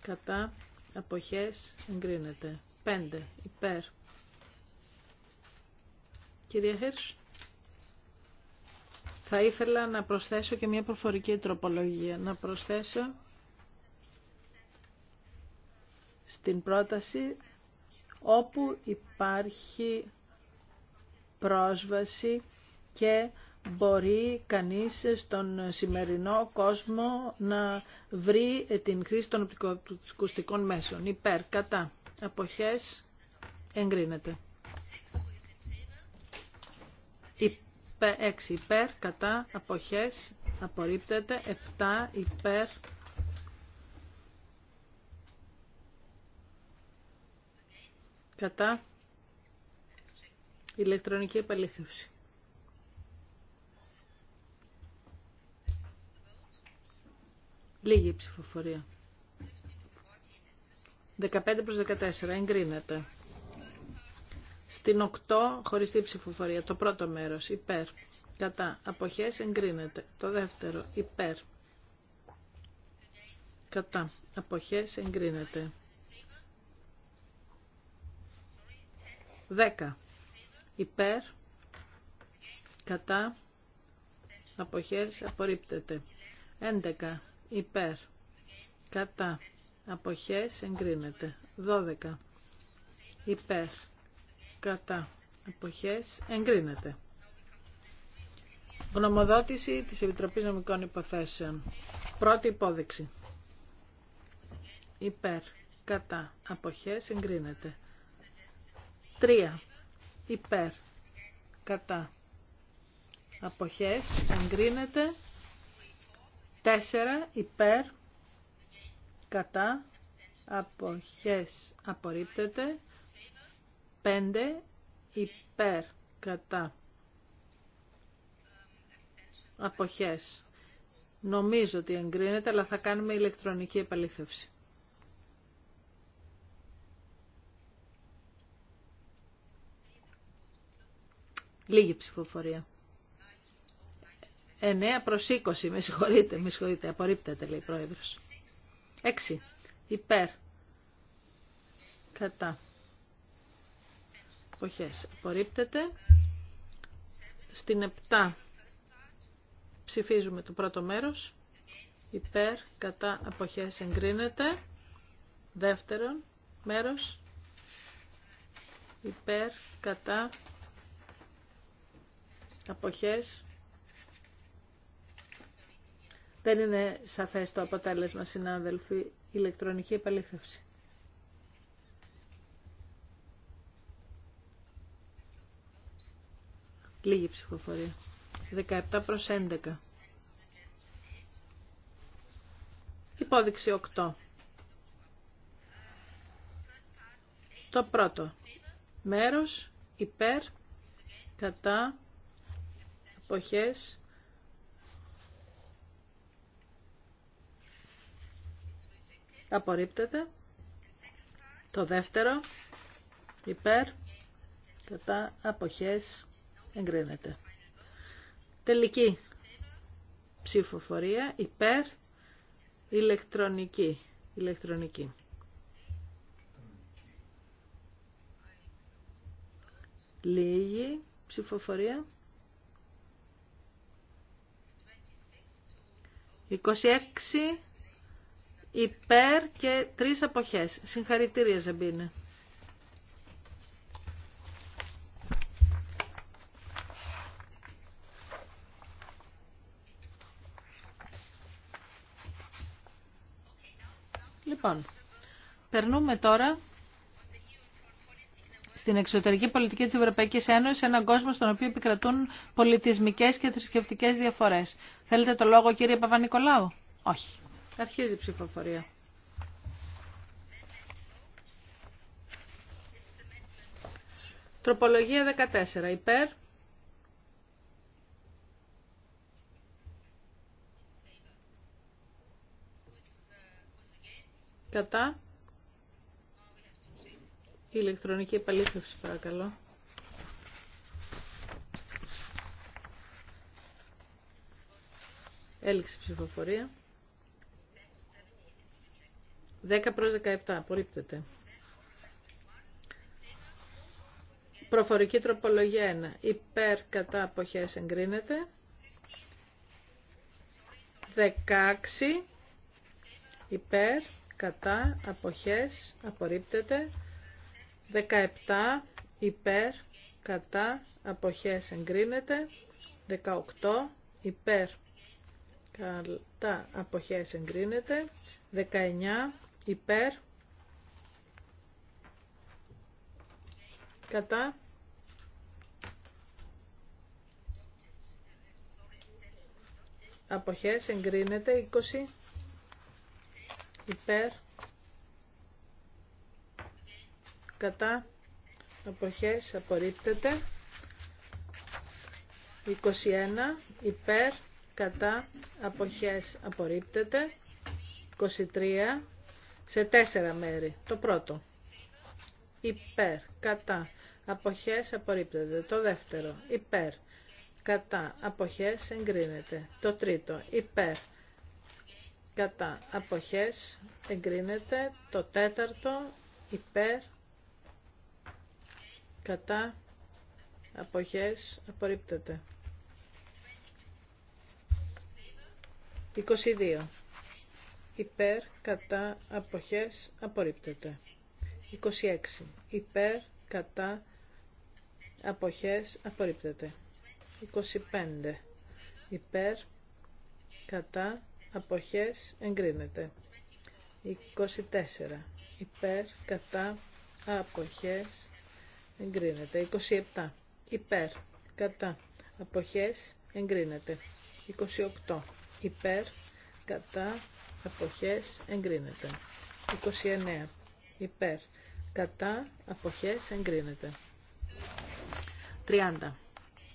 [SPEAKER 2] κατά αποχές εγκρίνεται. 5. Υπέρ. Κυρία Χέρσου. Θα ήθελα να προσθέσω και μια προφορική τροπολογία. Να προσθέσω στην πρόταση όπου υπάρχει πρόσβαση και μπορεί κανείς στον σημερινό κόσμο να βρει την χρήση των οπτικοακουστικών μέσων. Υπέρ, κατά, αποχές, εγκρίνεται. 6 υπέρ, κατά, αποχές, απορρίπτεται. 7 υπέρ, κατά, ηλεκτρονική επαλήθευση. Λίγη ψηφοφορία. 15 προς 14, εγκρίνεται. Στην 8 χωριστή ψηφοφορία. Το πρώτο μέρος υπέρ. Κατά. Αποχές εγκρίνεται. Το δεύτερο υπέρ. Κατά. Αποχές εγκρίνεται. 10. Υπέρ. Κατά. Αποχές απορρίπτεται. 11. Υπέρ. Κατά. Αποχές εγκρίνεται. 12. Υπέρ κατά εποχές εγκρίνεται. Γνωμοδότηση της Επιτροπής Νομικών Υποθέσεων. Πρώτη υπόδειξη. Υπέρ, κατά, αποχές, εγκρίνεται. Τρία. Υπέρ, κατά, αποχές, εγκρίνεται. Τέσσερα. Υπέρ, κατά, αποχές, απορρίπτεται. Πέντε υπέρ κατά αποχές. Νομίζω ότι εγκρίνεται, αλλά θα κάνουμε ηλεκτρονική επαλήθευση. Λίγη ψηφοφορία. 9 ε, ναι, προς 20, με συγχωρείτε, με συγχωρείτε, απορρίπτεται λέει η πρόεδρος. 6. Υπέρ. Κατά αποχές απορρίπτεται. Στην 7 ψηφίζουμε το πρώτο μέρος. Υπέρ, κατά, αποχές εγκρίνεται. Δεύτερον μέρος. Υπέρ, κατά, αποχές. Δεν είναι σαφές το αποτέλεσμα, συνάδελφοι, ηλεκτρονική επαλήθευση. Λίγη ψηφοφορία. 17 προς 11. Υπόδειξη 8. Το πρώτο. Μέρος υπέρ, κατά, εποχές, απορρίπτεται. Το δεύτερο, υπέρ, κατά, αποχές, εγκρίνεται. Τελική ψηφοφορία υπέρ ηλεκτρονική. ηλεκτρονική. Λίγη ψηφοφορία. 26 υπέρ και τρεις αποχές. Συγχαρητήρια Ζαμπίνε. Λοιπόν, περνούμε τώρα στην εξωτερική πολιτική της Ευρωπαϊκής Ένωσης, έναν κόσμο στον οποίο επικρατούν πολιτισμικές και θρησκευτικές διαφορές. Θέλετε το λόγο κύριε Παπα-Νικολάου? Όχι. Αρχίζει η ψηφοφορία. Τροπολογία 14. Υπέρ. Κατά. Η ηλεκτρονική επαλήθευση παρακαλώ. Έληξη ψηφοφορία. 10 προς 17. Απορρίπτεται. Προφορική τροπολογία 1. Υπέρ κατά αποχές εγκρίνεται. 16. Υπέρ κατά, αποχές, απορρίπτεται. 17 υπέρ, κατά, αποχές, εγκρίνεται. 18 υπέρ, κατά, αποχές, εγκρίνεται. 19 υπέρ, κατά, αποχές, εγκρίνεται. 20 υπέρ κατά αποχές απορρίπτεται 21 υπέρ κατά αποχές απορρίπτεται 23 σε τέσσερα μέρη το πρώτο υπέρ κατά αποχές απορρίπτεται το δεύτερο υπέρ κατά αποχές εγκρίνεται το τρίτο υπέρ κατά αποχές εγκρίνεται το τέταρτο υπέρ κατά αποχές απορρίπτεται 22 υπέρ κατά αποχές απορρίπτεται 26 υπέρ κατά αποχές απορρίπτεται 25 υπέρ κατά αποχές εγκρίνεται. 24 υπέρ κατά αποχές εγκρίνεται. 27 υπέρ κατά αποχές εγκρίνεται. 28 υπέρ κατά αποχές εγκρίνεται. 29 υπέρ κατά αποχές εγκρίνεται. 30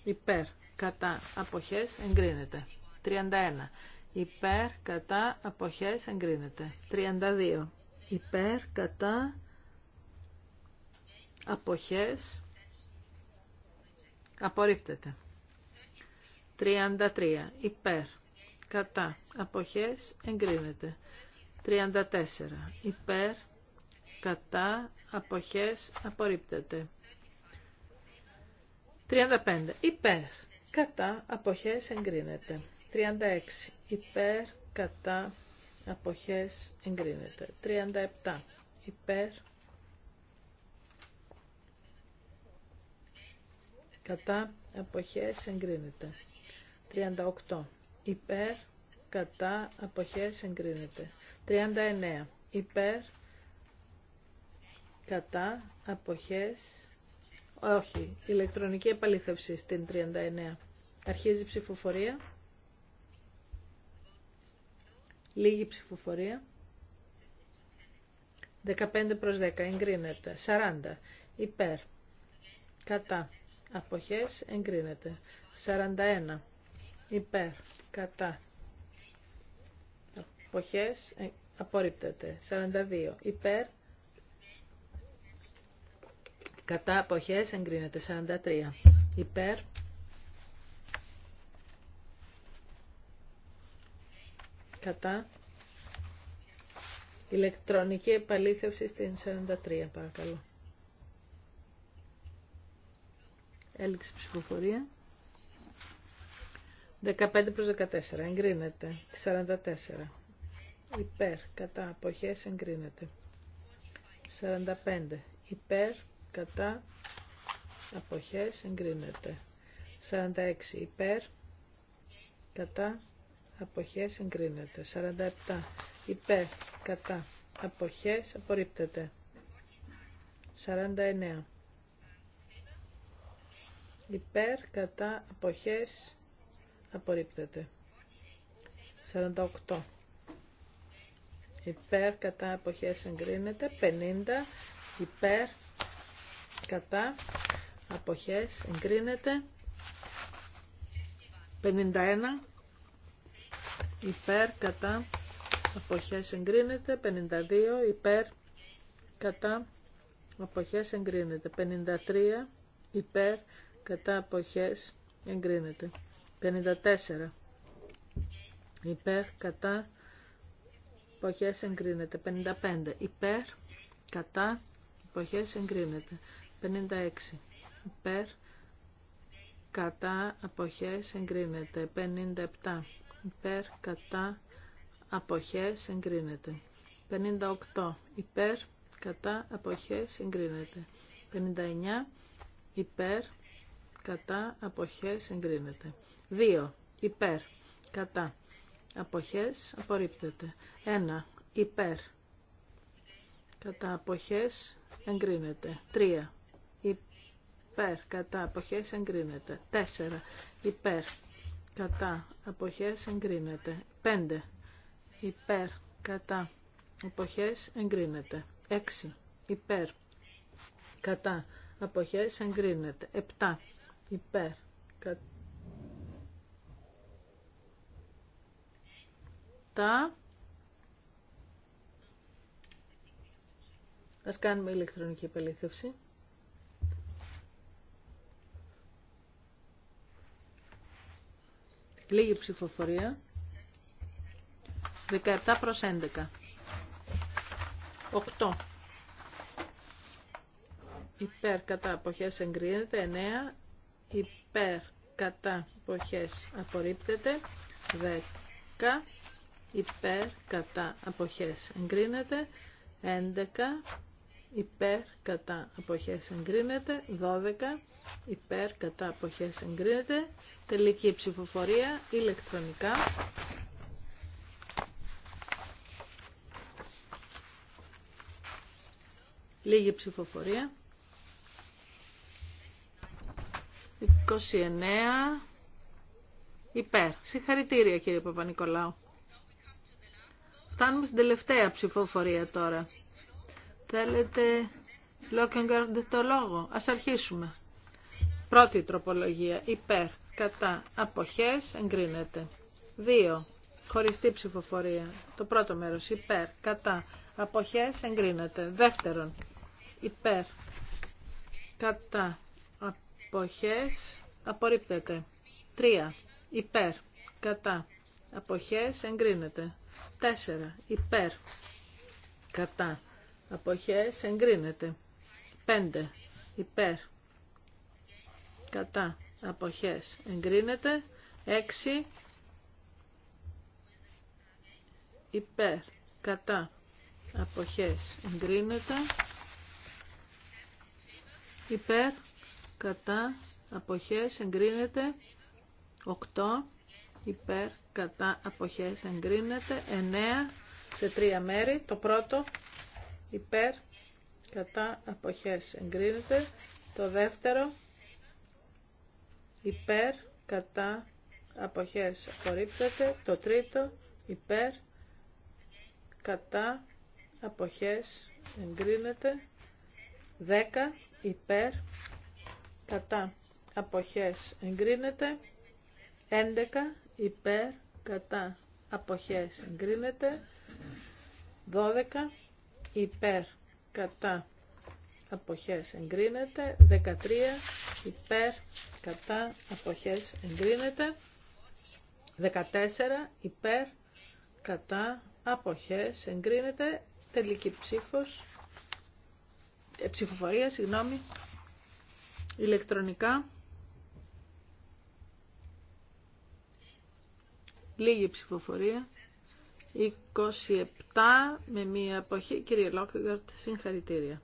[SPEAKER 2] υπέρ κατά αποχές εγκρίνεται. 31 Υπέρ, κατά, αποχές, εγκρίνεται. 32. Υπέρ, κατά, αποχές, απορρίπτεται. 33. Υπέρ, κατά, αποχές, εγκρίνεται. 34. Υπέρ, κατά, αποχές, απορρίπτεται. 35. Υπέρ, κατά, αποχές, εγκρίνεται. 36. Υπέρ, κατά, αποχές, εγκρίνεται. 37. Υπέρ, κατά, αποχές, εγκρίνεται. 38. Υπέρ, κατά, αποχές, εγκρίνεται. 39. Υπέρ, κατά, αποχές, όχι, ηλεκτρονική επαλήθευση στην 39. Αρχίζει η ψηφοφορία. Λίγη ψηφοφορία. 15 προς 10 εγκρίνεται. 40 υπέρ. Κατά. Αποχές εγκρίνεται. 41 υπέρ. Κατά. Αποχές ε, απορρίπτεται. 42 υπέρ. Κατά αποχές εγκρίνεται. 43 υπέρ. Κατά. Ηλεκτρονική επαλήθευση στην 43, παρακαλώ. Έληξη ψηφοφορία. 15 προς 14. Εγκρίνεται. 44. Υπέρ. Κατά. Αποχές. Εγκρίνεται. 45. Υπέρ. Κατά. Αποχές. Εγκρίνεται. 46. Υπέρ. Κατά αποχές συγκρίνεται 47 υπέρ κατά αποχές απορρίπτεται. 49 υπέρ κατά αποχές απορρίπτεται. 48 υπέρ κατά αποχές συγκρίνεται 50 υπέρ κατά αποχές συγκρίνεται 51 υπέρ κατά αποχές εγκρίνεται 52 υπέρ κατά αποχές εγκρίνεται 53 υπέρ κατά αποχές εγκρίνεται 54 υπέρ κατά αποχές εγκρίνεται 55 υπέρ κατά αποχές εγκρίνεται 56 υπέρ κατά αποχές εγκρίνεται 57 υπέρ, κατά, αποχές, εγκρίνεται. 58 υπέρ, κατά, αποχές, εγκρίνεται. 59 υπέρ, κατά, αποχές, εγκρίνεται. 2 υπέρ, κατά, αποχές, απορρίπτεται. 1 υπέρ, κατά, αποχές, εγκρίνεται. 3 υπέρ, κατά, αποχές, εγκρίνεται. 4 υπέρ, κατά εποχές εγκρίνεται. 5. Υπέρ κατά εποχές εγκρίνεται. 6. Υπέρ κατά εποχές εγκρίνεται. 7. Υπέρ κατά Ας κάνουμε ηλεκτρονική επαλήθευση. Λίγη ψηφοφορία. 17 προς 11. 8. Υπέρ κατά αποχές εγκρίνεται. 9. Υπέρ κατά αποχές απορρίπτεται. 10. Υπέρ κατά αποχές εγκρίνεται. 11 υπέρ κατά αποχές εγκρίνεται, 12 υπέρ κατά αποχές εγκρίνεται, τελική ψηφοφορία ηλεκτρονικά. Λίγη ψηφοφορία. 29 υπέρ. Συγχαρητήρια κύριε Παπα-Νικολάου. Φτάνουμε στην τελευταία ψηφοφορία τώρα. Θέλετε, Λόκεγκαρντ, το λόγο. Ας αρχίσουμε. Πρώτη τροπολογία, υπέρ, κατά, αποχές, εγκρίνεται. Δύο. Χωριστή ψηφοφορία. Το πρώτο μέρος, υπέρ, κατά, αποχές, εγκρίνεται. Δεύτερον, υπέρ, κατά, αποχές, απορρίπτεται. Τρία. Υπέρ, κατά, αποχές, εγκρίνεται. Τέσσερα. Υπέρ, κατά, αποχές εγκρίνεται. 5 υπέρ κατά αποχές εγκρίνεται. 6 υπέρ κατά αποχές εγκρίνεται. Υπέρ κατά αποχές εγκρίνεται. 8 υπέρ κατά αποχές εγκρίνεται. 9 σε τρία μέρη. Το πρώτο υπέρ κατά αποχές εγκρίνεται το δεύτερο υπέρ κατά αποχές απορρίπτεται το τρίτο υπέρ κατά αποχές εγκρίνεται Δέκα. υπέρ κατά αποχές εγκρίνεται Έντεκα. υπέρ κατά αποχές εγκρίνεται 12 υπέρ κατά αποχές εγκρίνεται. 13 υπέρ κατά αποχές εγκρίνεται. 14 υπέρ κατά αποχές εγκρίνεται. Τελική ψήφος. Ε, ψηφοφορία, συγγνώμη. Ηλεκτρονικά. Λίγη ψηφοφορία. 27 με μία εποχή Κύριε Λόκεγκαρτ, συγχαρητήρια.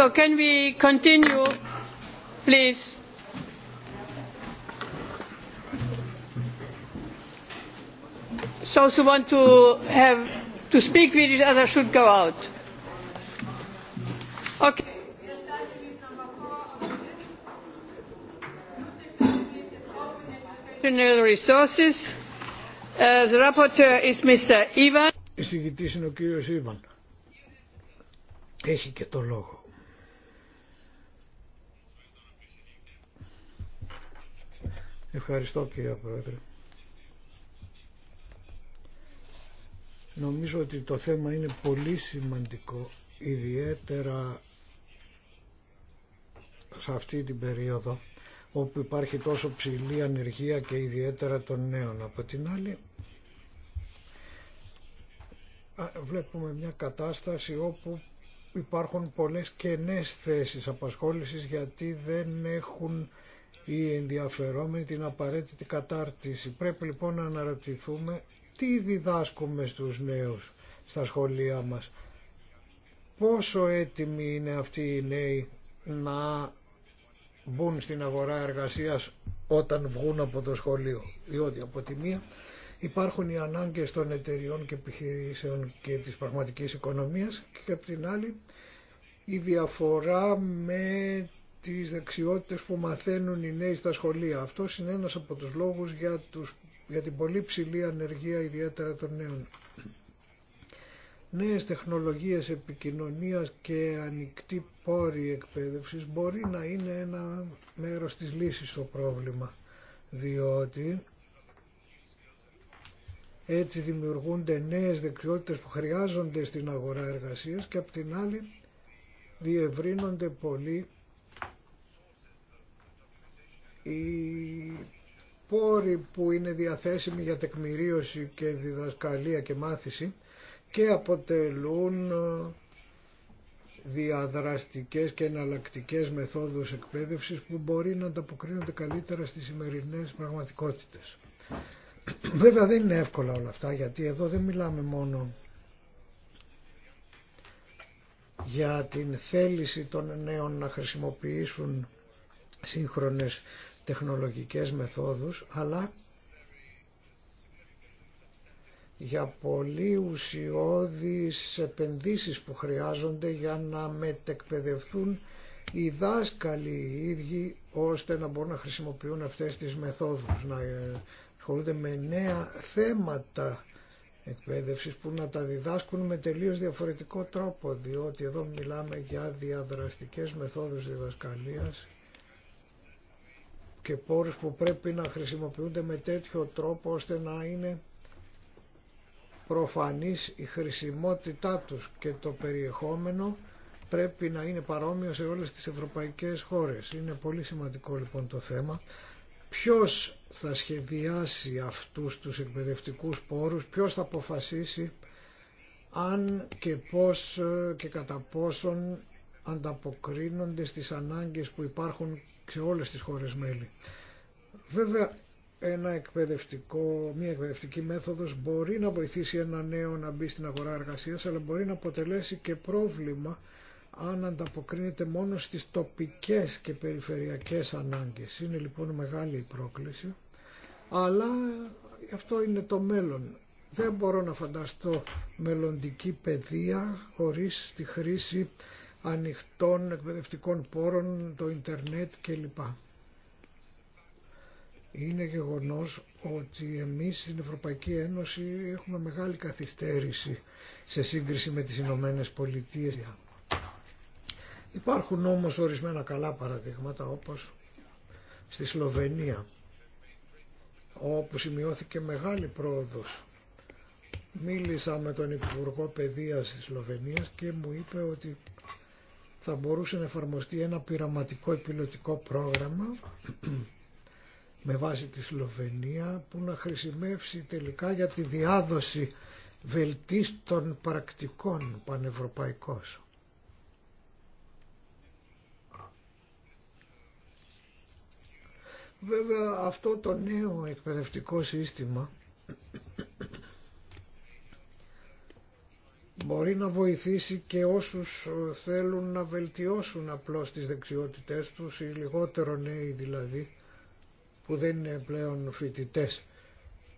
[SPEAKER 2] So can we continue, please? Those who want to have to speak with each other should go out. Okay. Resources. The rapporteur is Mr. Ivan.
[SPEAKER 1] Εισηγητής είναι ο κύριος Ήβαν. Έχει και το λόγο. Ευχαριστώ κύριε Πρόεδρε. Νομίζω ότι το θέμα είναι πολύ σημαντικό, ιδιαίτερα σε αυτή την περίοδο όπου υπάρχει τόσο ψηλή ανεργία και ιδιαίτερα των νέων. Από την άλλη βλέπουμε μια κατάσταση όπου υπάρχουν πολλές κενές θέσεις απασχόλησης γιατί δεν έχουν οι ενδιαφερόμενοι την απαραίτητη κατάρτιση. Πρέπει λοιπόν να αναρωτηθούμε τι διδάσκουμε στους νέους στα σχολεία μας. Πόσο έτοιμοι είναι αυτοί οι νέοι να μπουν στην αγορά εργασίας όταν βγουν από το σχολείο. Διότι από τη μία υπάρχουν οι ανάγκες των εταιριών και επιχειρήσεων και της πραγματικής οικονομίας και απ' την άλλη η διαφορά με τις δεξιότητες που μαθαίνουν οι νέοι στα σχολεία. Αυτό είναι ένας από τους λόγους για, για την πολύ ψηλή ανεργία ιδιαίτερα των νέων. Νέες τεχνολογίες επικοινωνίας και ανοιχτή πόρη εκπαίδευσης μπορεί να είναι ένα μέρος της λύσης στο πρόβλημα, διότι έτσι δημιουργούνται νέες δεξιότητες που χρειάζονται στην αγορά εργασίας και απ' την άλλη διευρύνονται πολύ οι πόροι που είναι διαθέσιμοι για τεκμηρίωση και διδασκαλία και μάθηση και αποτελούν διαδραστικές και εναλλακτικές μεθόδους εκπαίδευσης που μπορεί να ανταποκρίνονται καλύτερα στις σημερινές πραγματικότητες. Βέβαια δεν είναι εύκολα όλα αυτά γιατί εδώ δεν μιλάμε μόνο για την θέληση των νέων να χρησιμοποιήσουν σύγχρονες τεχνολογικές μεθόδους αλλά για πολύ ουσιώδεις επενδύσεις που χρειάζονται για να μετεκπαιδευτούν οι δάσκαλοι οι ίδιοι ώστε να μπορούν να χρησιμοποιούν αυτές τις μεθόδους, να ε, ασχολούνται με νέα θέματα εκπαίδευσης που να τα διδάσκουν με τελείως διαφορετικό τρόπο διότι εδώ μιλάμε για διαδραστικές μεθόδους διδασκαλίας και πόρους που πρέπει να χρησιμοποιούνται με τέτοιο τρόπο ώστε να είναι προφανής η χρησιμότητά τους και το περιεχόμενο πρέπει να είναι παρόμοιο σε όλες τις ευρωπαϊκές χώρες. Είναι πολύ σημαντικό λοιπόν το θέμα ποιος θα σχεδιάσει αυτούς τους εκπαιδευτικούς πόρους, ποιος θα αποφασίσει αν και πώς ε, και κατά πόσον ανταποκρίνονται στις ανάγκες που υπάρχουν σε όλες τις χώρες μέλη. Βέβαια, ένα εκπαιδευτικό, μια εκπαιδευτική μέθοδος μπορεί να βοηθήσει ένα νέο να μπει στην αγορά εργασίας, αλλά μπορεί να αποτελέσει και πρόβλημα αν ανταποκρίνεται μόνο στις τοπικές και περιφερειακές ανάγκες. Είναι λοιπόν μεγάλη η πρόκληση, αλλά αυτό είναι το μέλλον. Δεν μπορώ να φανταστώ μελλοντική παιδεία χωρίς τη χρήση ανοιχτών εκπαιδευτικών πόρων, το ίντερνετ κλπ. Είναι γεγονός ότι εμείς στην Ευρωπαϊκή Ένωση έχουμε μεγάλη καθυστέρηση σε σύγκριση με τις Ηνωμένε Πολιτείες. Υπάρχουν όμως ορισμένα καλά παραδείγματα όπως στη Σλοβενία όπου σημειώθηκε μεγάλη πρόοδος. Μίλησα με τον Υπουργό Παιδείας της Σλοβενίας και μου είπε ότι θα μπορούσε να εφαρμοστεί ένα πειραματικό επιλοτικό πρόγραμμα με βάση τη Σλοβενία που να χρησιμεύσει τελικά για τη διάδοση βελτίστων πρακτικών πανευρωπαϊκών. Βέβαια αυτό το νέο εκπαιδευτικό σύστημα μπορεί να βοηθήσει και όσους θέλουν να βελτιώσουν απλώς τις δεξιότητές τους, οι λιγότερο νέοι δηλαδή, που δεν είναι πλέον φοιτητές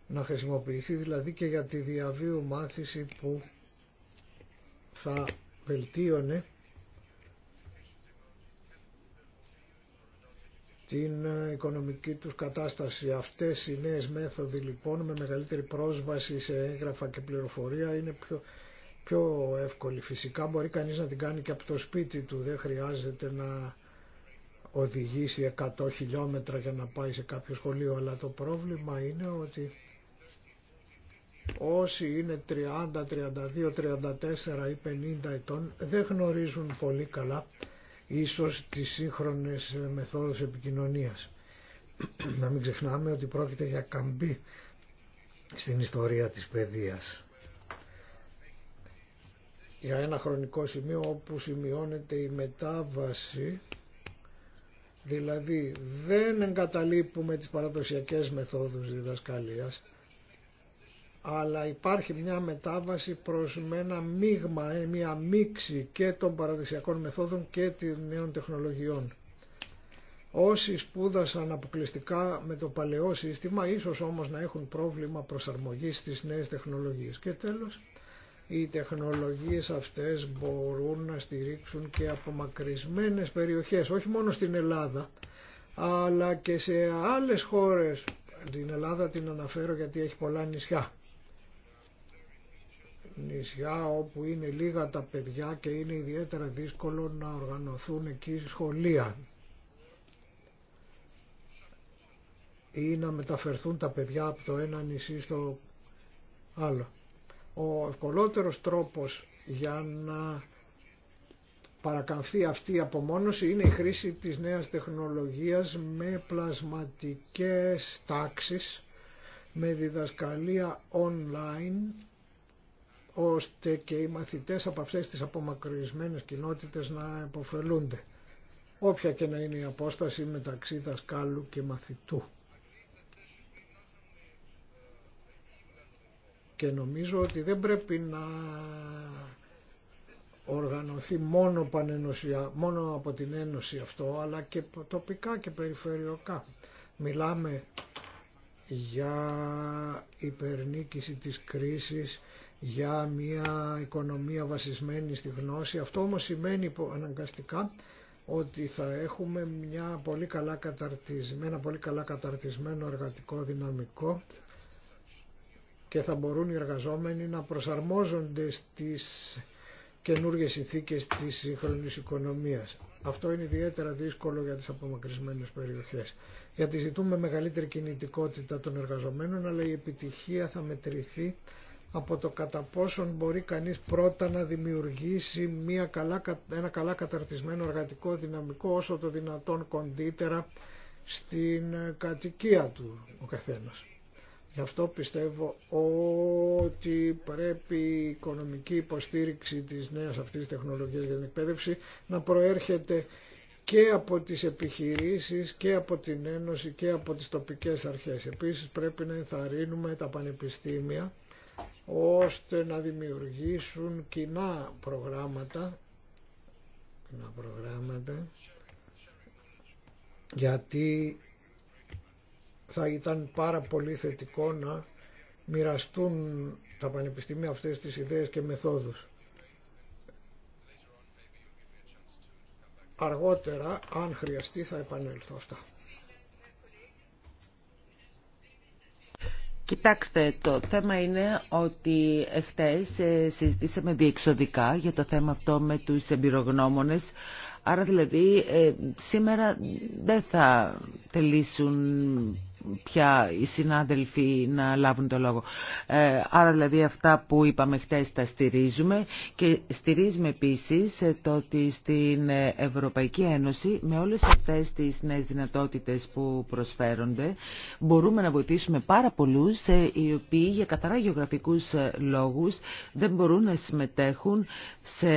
[SPEAKER 1] να χρησιμοποιηθεί δηλαδή και για τη διαβίου μάθηση που θα βελτίωνε Την οικονομική τους κατάσταση. Αυτές οι νέες μέθοδοι λοιπόν με μεγαλύτερη πρόσβαση σε έγγραφα και πληροφορία είναι πιο, πιο εύκολη. Φυσικά μπορεί κανείς να την κάνει και από το σπίτι του, δεν χρειάζεται να οδηγήσει 100 χιλιόμετρα για να πάει σε κάποιο σχολείο, αλλά το πρόβλημα είναι ότι όσοι είναι 30, 32, 34 ή 50 ετών δεν γνωρίζουν πολύ καλά ίσως τις σύγχρονες μεθόδους επικοινωνίας. Να μην ξεχνάμε ότι πρόκειται για καμπή στην ιστορία της παιδείας. Για ένα χρονικό σημείο όπου σημειώνεται η μετάβαση, δηλαδή δεν εγκαταλείπουμε τις παραδοσιακές μεθόδους διδασκαλίας, αλλά υπάρχει μια μετάβαση προς ένα μείγμα, ε, μια μίξη και των παραδοσιακών μεθόδων και των νέων τεχνολογιών. Όσοι σπούδασαν αποκλειστικά με το παλαιό σύστημα, ίσως όμως να έχουν πρόβλημα προσαρμογής στις νέες τεχνολογίες. Και τέλος, οι τεχνολογίες αυτές μπορούν να στηρίξουν και απομακρυσμένες περιοχές, όχι μόνο στην Ελλάδα, αλλά και σε άλλες χώρες. Την Ελλάδα την αναφέρω γιατί έχει πολλά νησιά νησιά όπου είναι λίγα τα παιδιά και είναι ιδιαίτερα δύσκολο να οργανωθούν εκεί σχολεία ή να μεταφερθούν τα παιδιά από το ένα νησί στο άλλο. Ο ευκολότερος τρόπος για να παρακαμφθεί αυτή η απομόνωση είναι η χρήση της νέας τεχνολογίας με πλασματικές τάξεις, με διδασκαλία online ώστε και οι μαθητές από αυτές τις απομακρυσμένες κοινότητες να υποφελούνται, όποια και να είναι η απόσταση μεταξύ δασκάλου και μαθητού. Και νομίζω ότι δεν πρέπει να οργανωθεί μόνο, πανενωσια, μόνο από την Ένωση αυτό, αλλά και τοπικά και περιφερειακά. Μιλάμε για υπερνίκηση της κρίσης για μια οικονομία βασισμένη στη γνώση. Αυτό όμως σημαίνει αναγκαστικά ότι θα έχουμε μια πολύ καλά ένα πολύ καλά καταρτισμένο εργατικό δυναμικό και θα μπορούν οι εργαζόμενοι να προσαρμόζονται στις καινούργιες συνθήκες της σύγχρονης οικονομίας. Αυτό είναι ιδιαίτερα δύσκολο για τις απομακρυσμένες περιοχές. Γιατί ζητούμε μεγαλύτερη κινητικότητα των εργαζομένων, αλλά η επιτυχία θα μετρηθεί από το κατά πόσον μπορεί κανείς πρώτα να δημιουργήσει μια καλά, ένα καλά καταρτισμένο εργατικό δυναμικό όσο το δυνατόν κοντύτερα στην ε, κατοικία του ο καθένας. Γι' αυτό πιστεύω ότι πρέπει η οικονομική υποστήριξη της νέας αυτής τεχνολογίας για την εκπαίδευση να προέρχεται και από τις επιχειρήσεις και από την Ένωση και από τις τοπικές αρχές. Επίσης πρέπει να ενθαρρύνουμε τα πανεπιστήμια ώστε να δημιουργήσουν κοινά προγράμματα, κοινά προγράμματα γιατί θα ήταν πάρα πολύ θετικό να μοιραστούν τα πανεπιστήμια αυτές τις ιδέες και μεθόδους. Αργότερα, αν χρειαστεί, θα επανέλθω αυτά.
[SPEAKER 3] Κοιτάξτε, το θέμα είναι ότι χτες ε, συζητήσαμε διεξοδικά για το θέμα αυτό με τους εμπειρογνώμονες Άρα δηλαδή ε, σήμερα δεν θα θελήσουν πια οι συνάδελφοι να λάβουν το λόγο. Ε, άρα δηλαδή αυτά που είπαμε χτες τα στηρίζουμε και στηρίζουμε επίσης ε, το ότι στην Ευρωπαϊκή Ένωση με όλες αυτές τις νέες δυνατότητες που προσφέρονται μπορούμε να βοηθήσουμε πάρα πολλούς οι οποίοι για καθαρά γεωγραφικούς λόγους δεν μπορούν να συμμετέχουν σε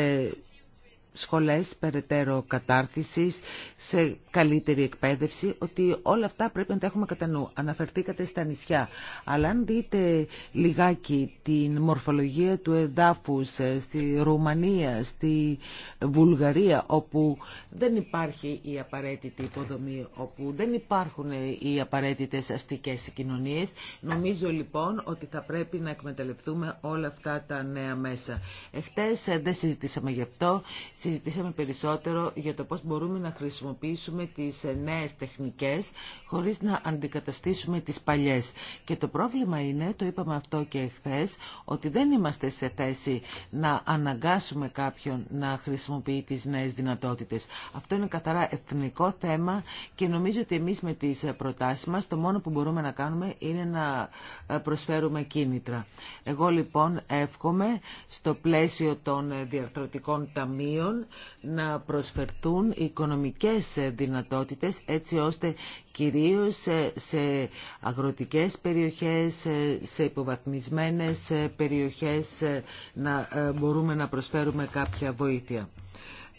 [SPEAKER 3] σχολές περαιτέρω κατάρτισης, σε καλύτερη εκπαίδευση, ότι όλα αυτά πρέπει να τα έχουμε κατά νου. Αναφερθήκατε στα νησιά, αλλά αν δείτε λιγάκι την μορφολογία του εδάφους ε, στη Ρουμανία, στη Βουλγαρία, όπου δεν υπάρχει η απαραίτητη υποδομή, όπου δεν υπάρχουν ε, οι απαραίτητες αστικές κοινωνίες, νομίζω λοιπόν ότι θα πρέπει να εκμεταλλευτούμε όλα αυτά τα νέα μέσα. Εχθές ε, δεν συζητήσαμε γι' αυτό, συζητήσαμε περισσότερο για το πώς μπορούμε να χρησιμοποιήσουμε τις ε, νέες τεχνικές χωρίς να αντικαταστήσουμε τις παλιές. Και το πρόβλημα είναι, το είπαμε αυτό και χθε, ότι δεν είμαστε σε θέση να αναγκάσουμε κάποιον να χρησιμοποιεί τις νέες δυνατότητες. Αυτό είναι καθαρά εθνικό θέμα και νομίζω ότι εμείς με τις ε, προτάσεις μας το μόνο που μπορούμε να κάνουμε είναι να ε, προσφέρουμε κίνητρα. Εγώ λοιπόν εύχομαι στο πλαίσιο των διαρθρωτικών ταμείων να προσφερθούν οικονομικές δυνατότητες έτσι ώστε κυρίως σε αγροτικές περιοχές, σε υποβαθμισμένες περιοχές ε, να ε, μπορούμε να προσφέρουμε κάποια βοήθεια.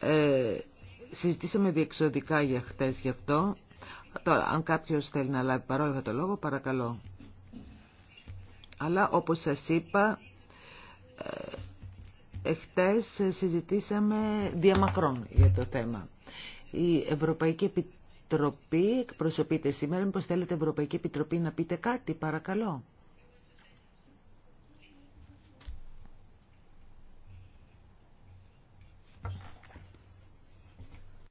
[SPEAKER 3] Ε, συζητήσαμε διεξοδικά για χτες γι' αυτό. αν κάποιος θέλει να λάβει παρόλο το λόγο, παρακαλώ. Αλλά όπως σας είπα, ε, Εχθές συζητήσαμε διαμακρών για το θέμα. Η Ευρωπαϊκή Επιτροπή εκπροσωπείται σήμερα. Μήπως θέλετε Ευρωπαϊκή Επιτροπή να πείτε κάτι, παρακαλώ.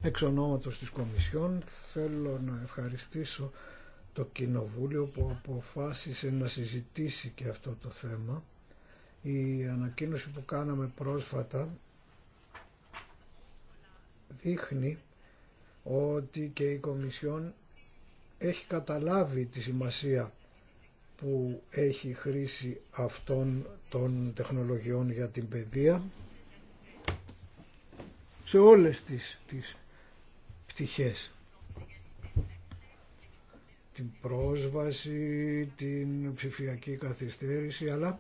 [SPEAKER 1] Εξ ονόματος της Κομισιόν θέλω να ευχαριστήσω το Κοινοβούλιο που αποφάσισε να συζητήσει και αυτό το θέμα η ανακοίνωση που κάναμε πρόσφατα δείχνει ότι και η Κομισιόν έχει καταλάβει τη σημασία που έχει χρήση αυτών των τεχνολογιών για την παιδεία σε όλες τις, τις πτυχές. Την πρόσβαση, την ψηφιακή καθυστέρηση, αλλά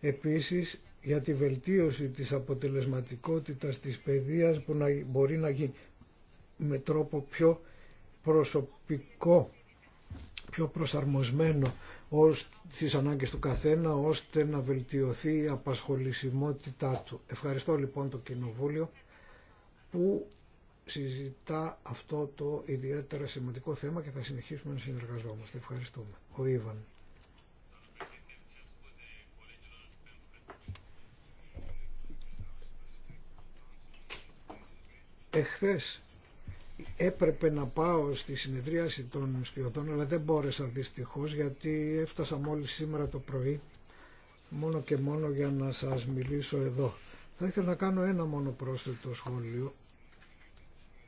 [SPEAKER 1] Επίσης για τη βελτίωση της αποτελεσματικότητας της παιδείας που να μπορεί να γίνει με τρόπο πιο προσωπικό, πιο προσαρμοσμένο ως στις ανάγκες του καθένα ώστε να βελτιωθεί η απασχολησιμότητά του. Ευχαριστώ λοιπόν το Κοινοβούλιο που συζητά αυτό το ιδιαίτερα σημαντικό θέμα και θα συνεχίσουμε να συνεργαζόμαστε. Ευχαριστούμε. Ο Ήβαν. Εχθές έπρεπε να πάω στη συνεδρίαση των σπιωτών αλλά δεν μπόρεσα δυστυχώς γιατί έφτασα μόλις σήμερα το πρωί μόνο και μόνο για να σας μιλήσω εδώ. Θα ήθελα να κάνω ένα μόνο πρόσθετο σχόλιο.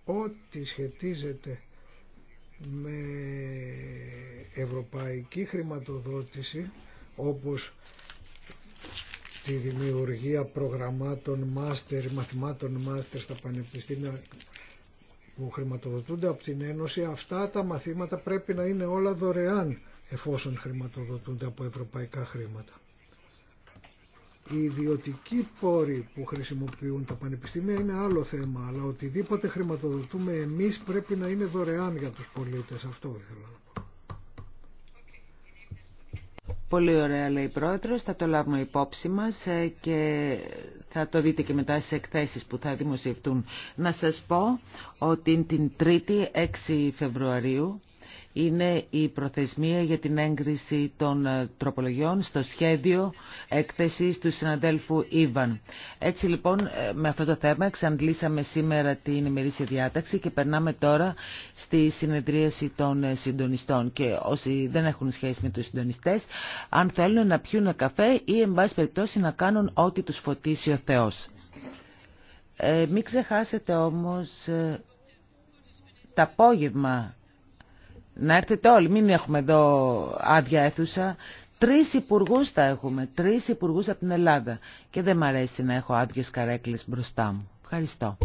[SPEAKER 1] Ό,τι σχετίζεται με ευρωπαϊκή χρηματοδότηση όπως στη δημιουργία προγραμμάτων μάστερ, μαθημάτων μάστερ στα πανεπιστήμια που χρηματοδοτούνται από την Ένωση. Αυτά τα μαθήματα πρέπει να είναι όλα δωρεάν εφόσον χρηματοδοτούνται από ευρωπαϊκά χρήματα. Οι ιδιωτικοί πόροι που χρησιμοποιούν τα πανεπιστήμια είναι άλλο θέμα, αλλά οτιδήποτε χρηματοδοτούμε εμείς πρέπει να είναι δωρεάν για τους πολίτες. Αυτό ήθελα να πω.
[SPEAKER 3] Πολύ ωραία λέει η Πρόεδρος, θα το λάβουμε υπόψη μας ε, και θα το δείτε και μετά στις εκθέσεις που θα δημοσιευτούν. Να σας πω ότι την 3η 6 Φεβρουαρίου είναι η προθεσμία για την έγκριση των ε, τροπολογιών στο σχέδιο έκθεσης του συναδέλφου Ήβαν. Έτσι λοιπόν ε, με αυτό το θέμα εξαντλήσαμε σήμερα την ημερήσια διάταξη και περνάμε τώρα στη συνεδρίαση των ε, συντονιστών και όσοι δεν έχουν σχέση με τους συντονιστές αν θέλουν να πιούν καφέ ή εν πάση περιπτώσει να κάνουν ό,τι τους φωτίσει ο Θεός. μην ξεχάσετε όμως ε, το απόγευμα να έρθετε όλοι, μην έχουμε εδώ άδεια αίθουσα. Τρεις υπουργούς θα έχουμε, τρεις υπουργούς από την Ελλάδα. Και δεν μ' αρέσει να έχω άδειε καρέκλες μπροστά μου. Ευχαριστώ.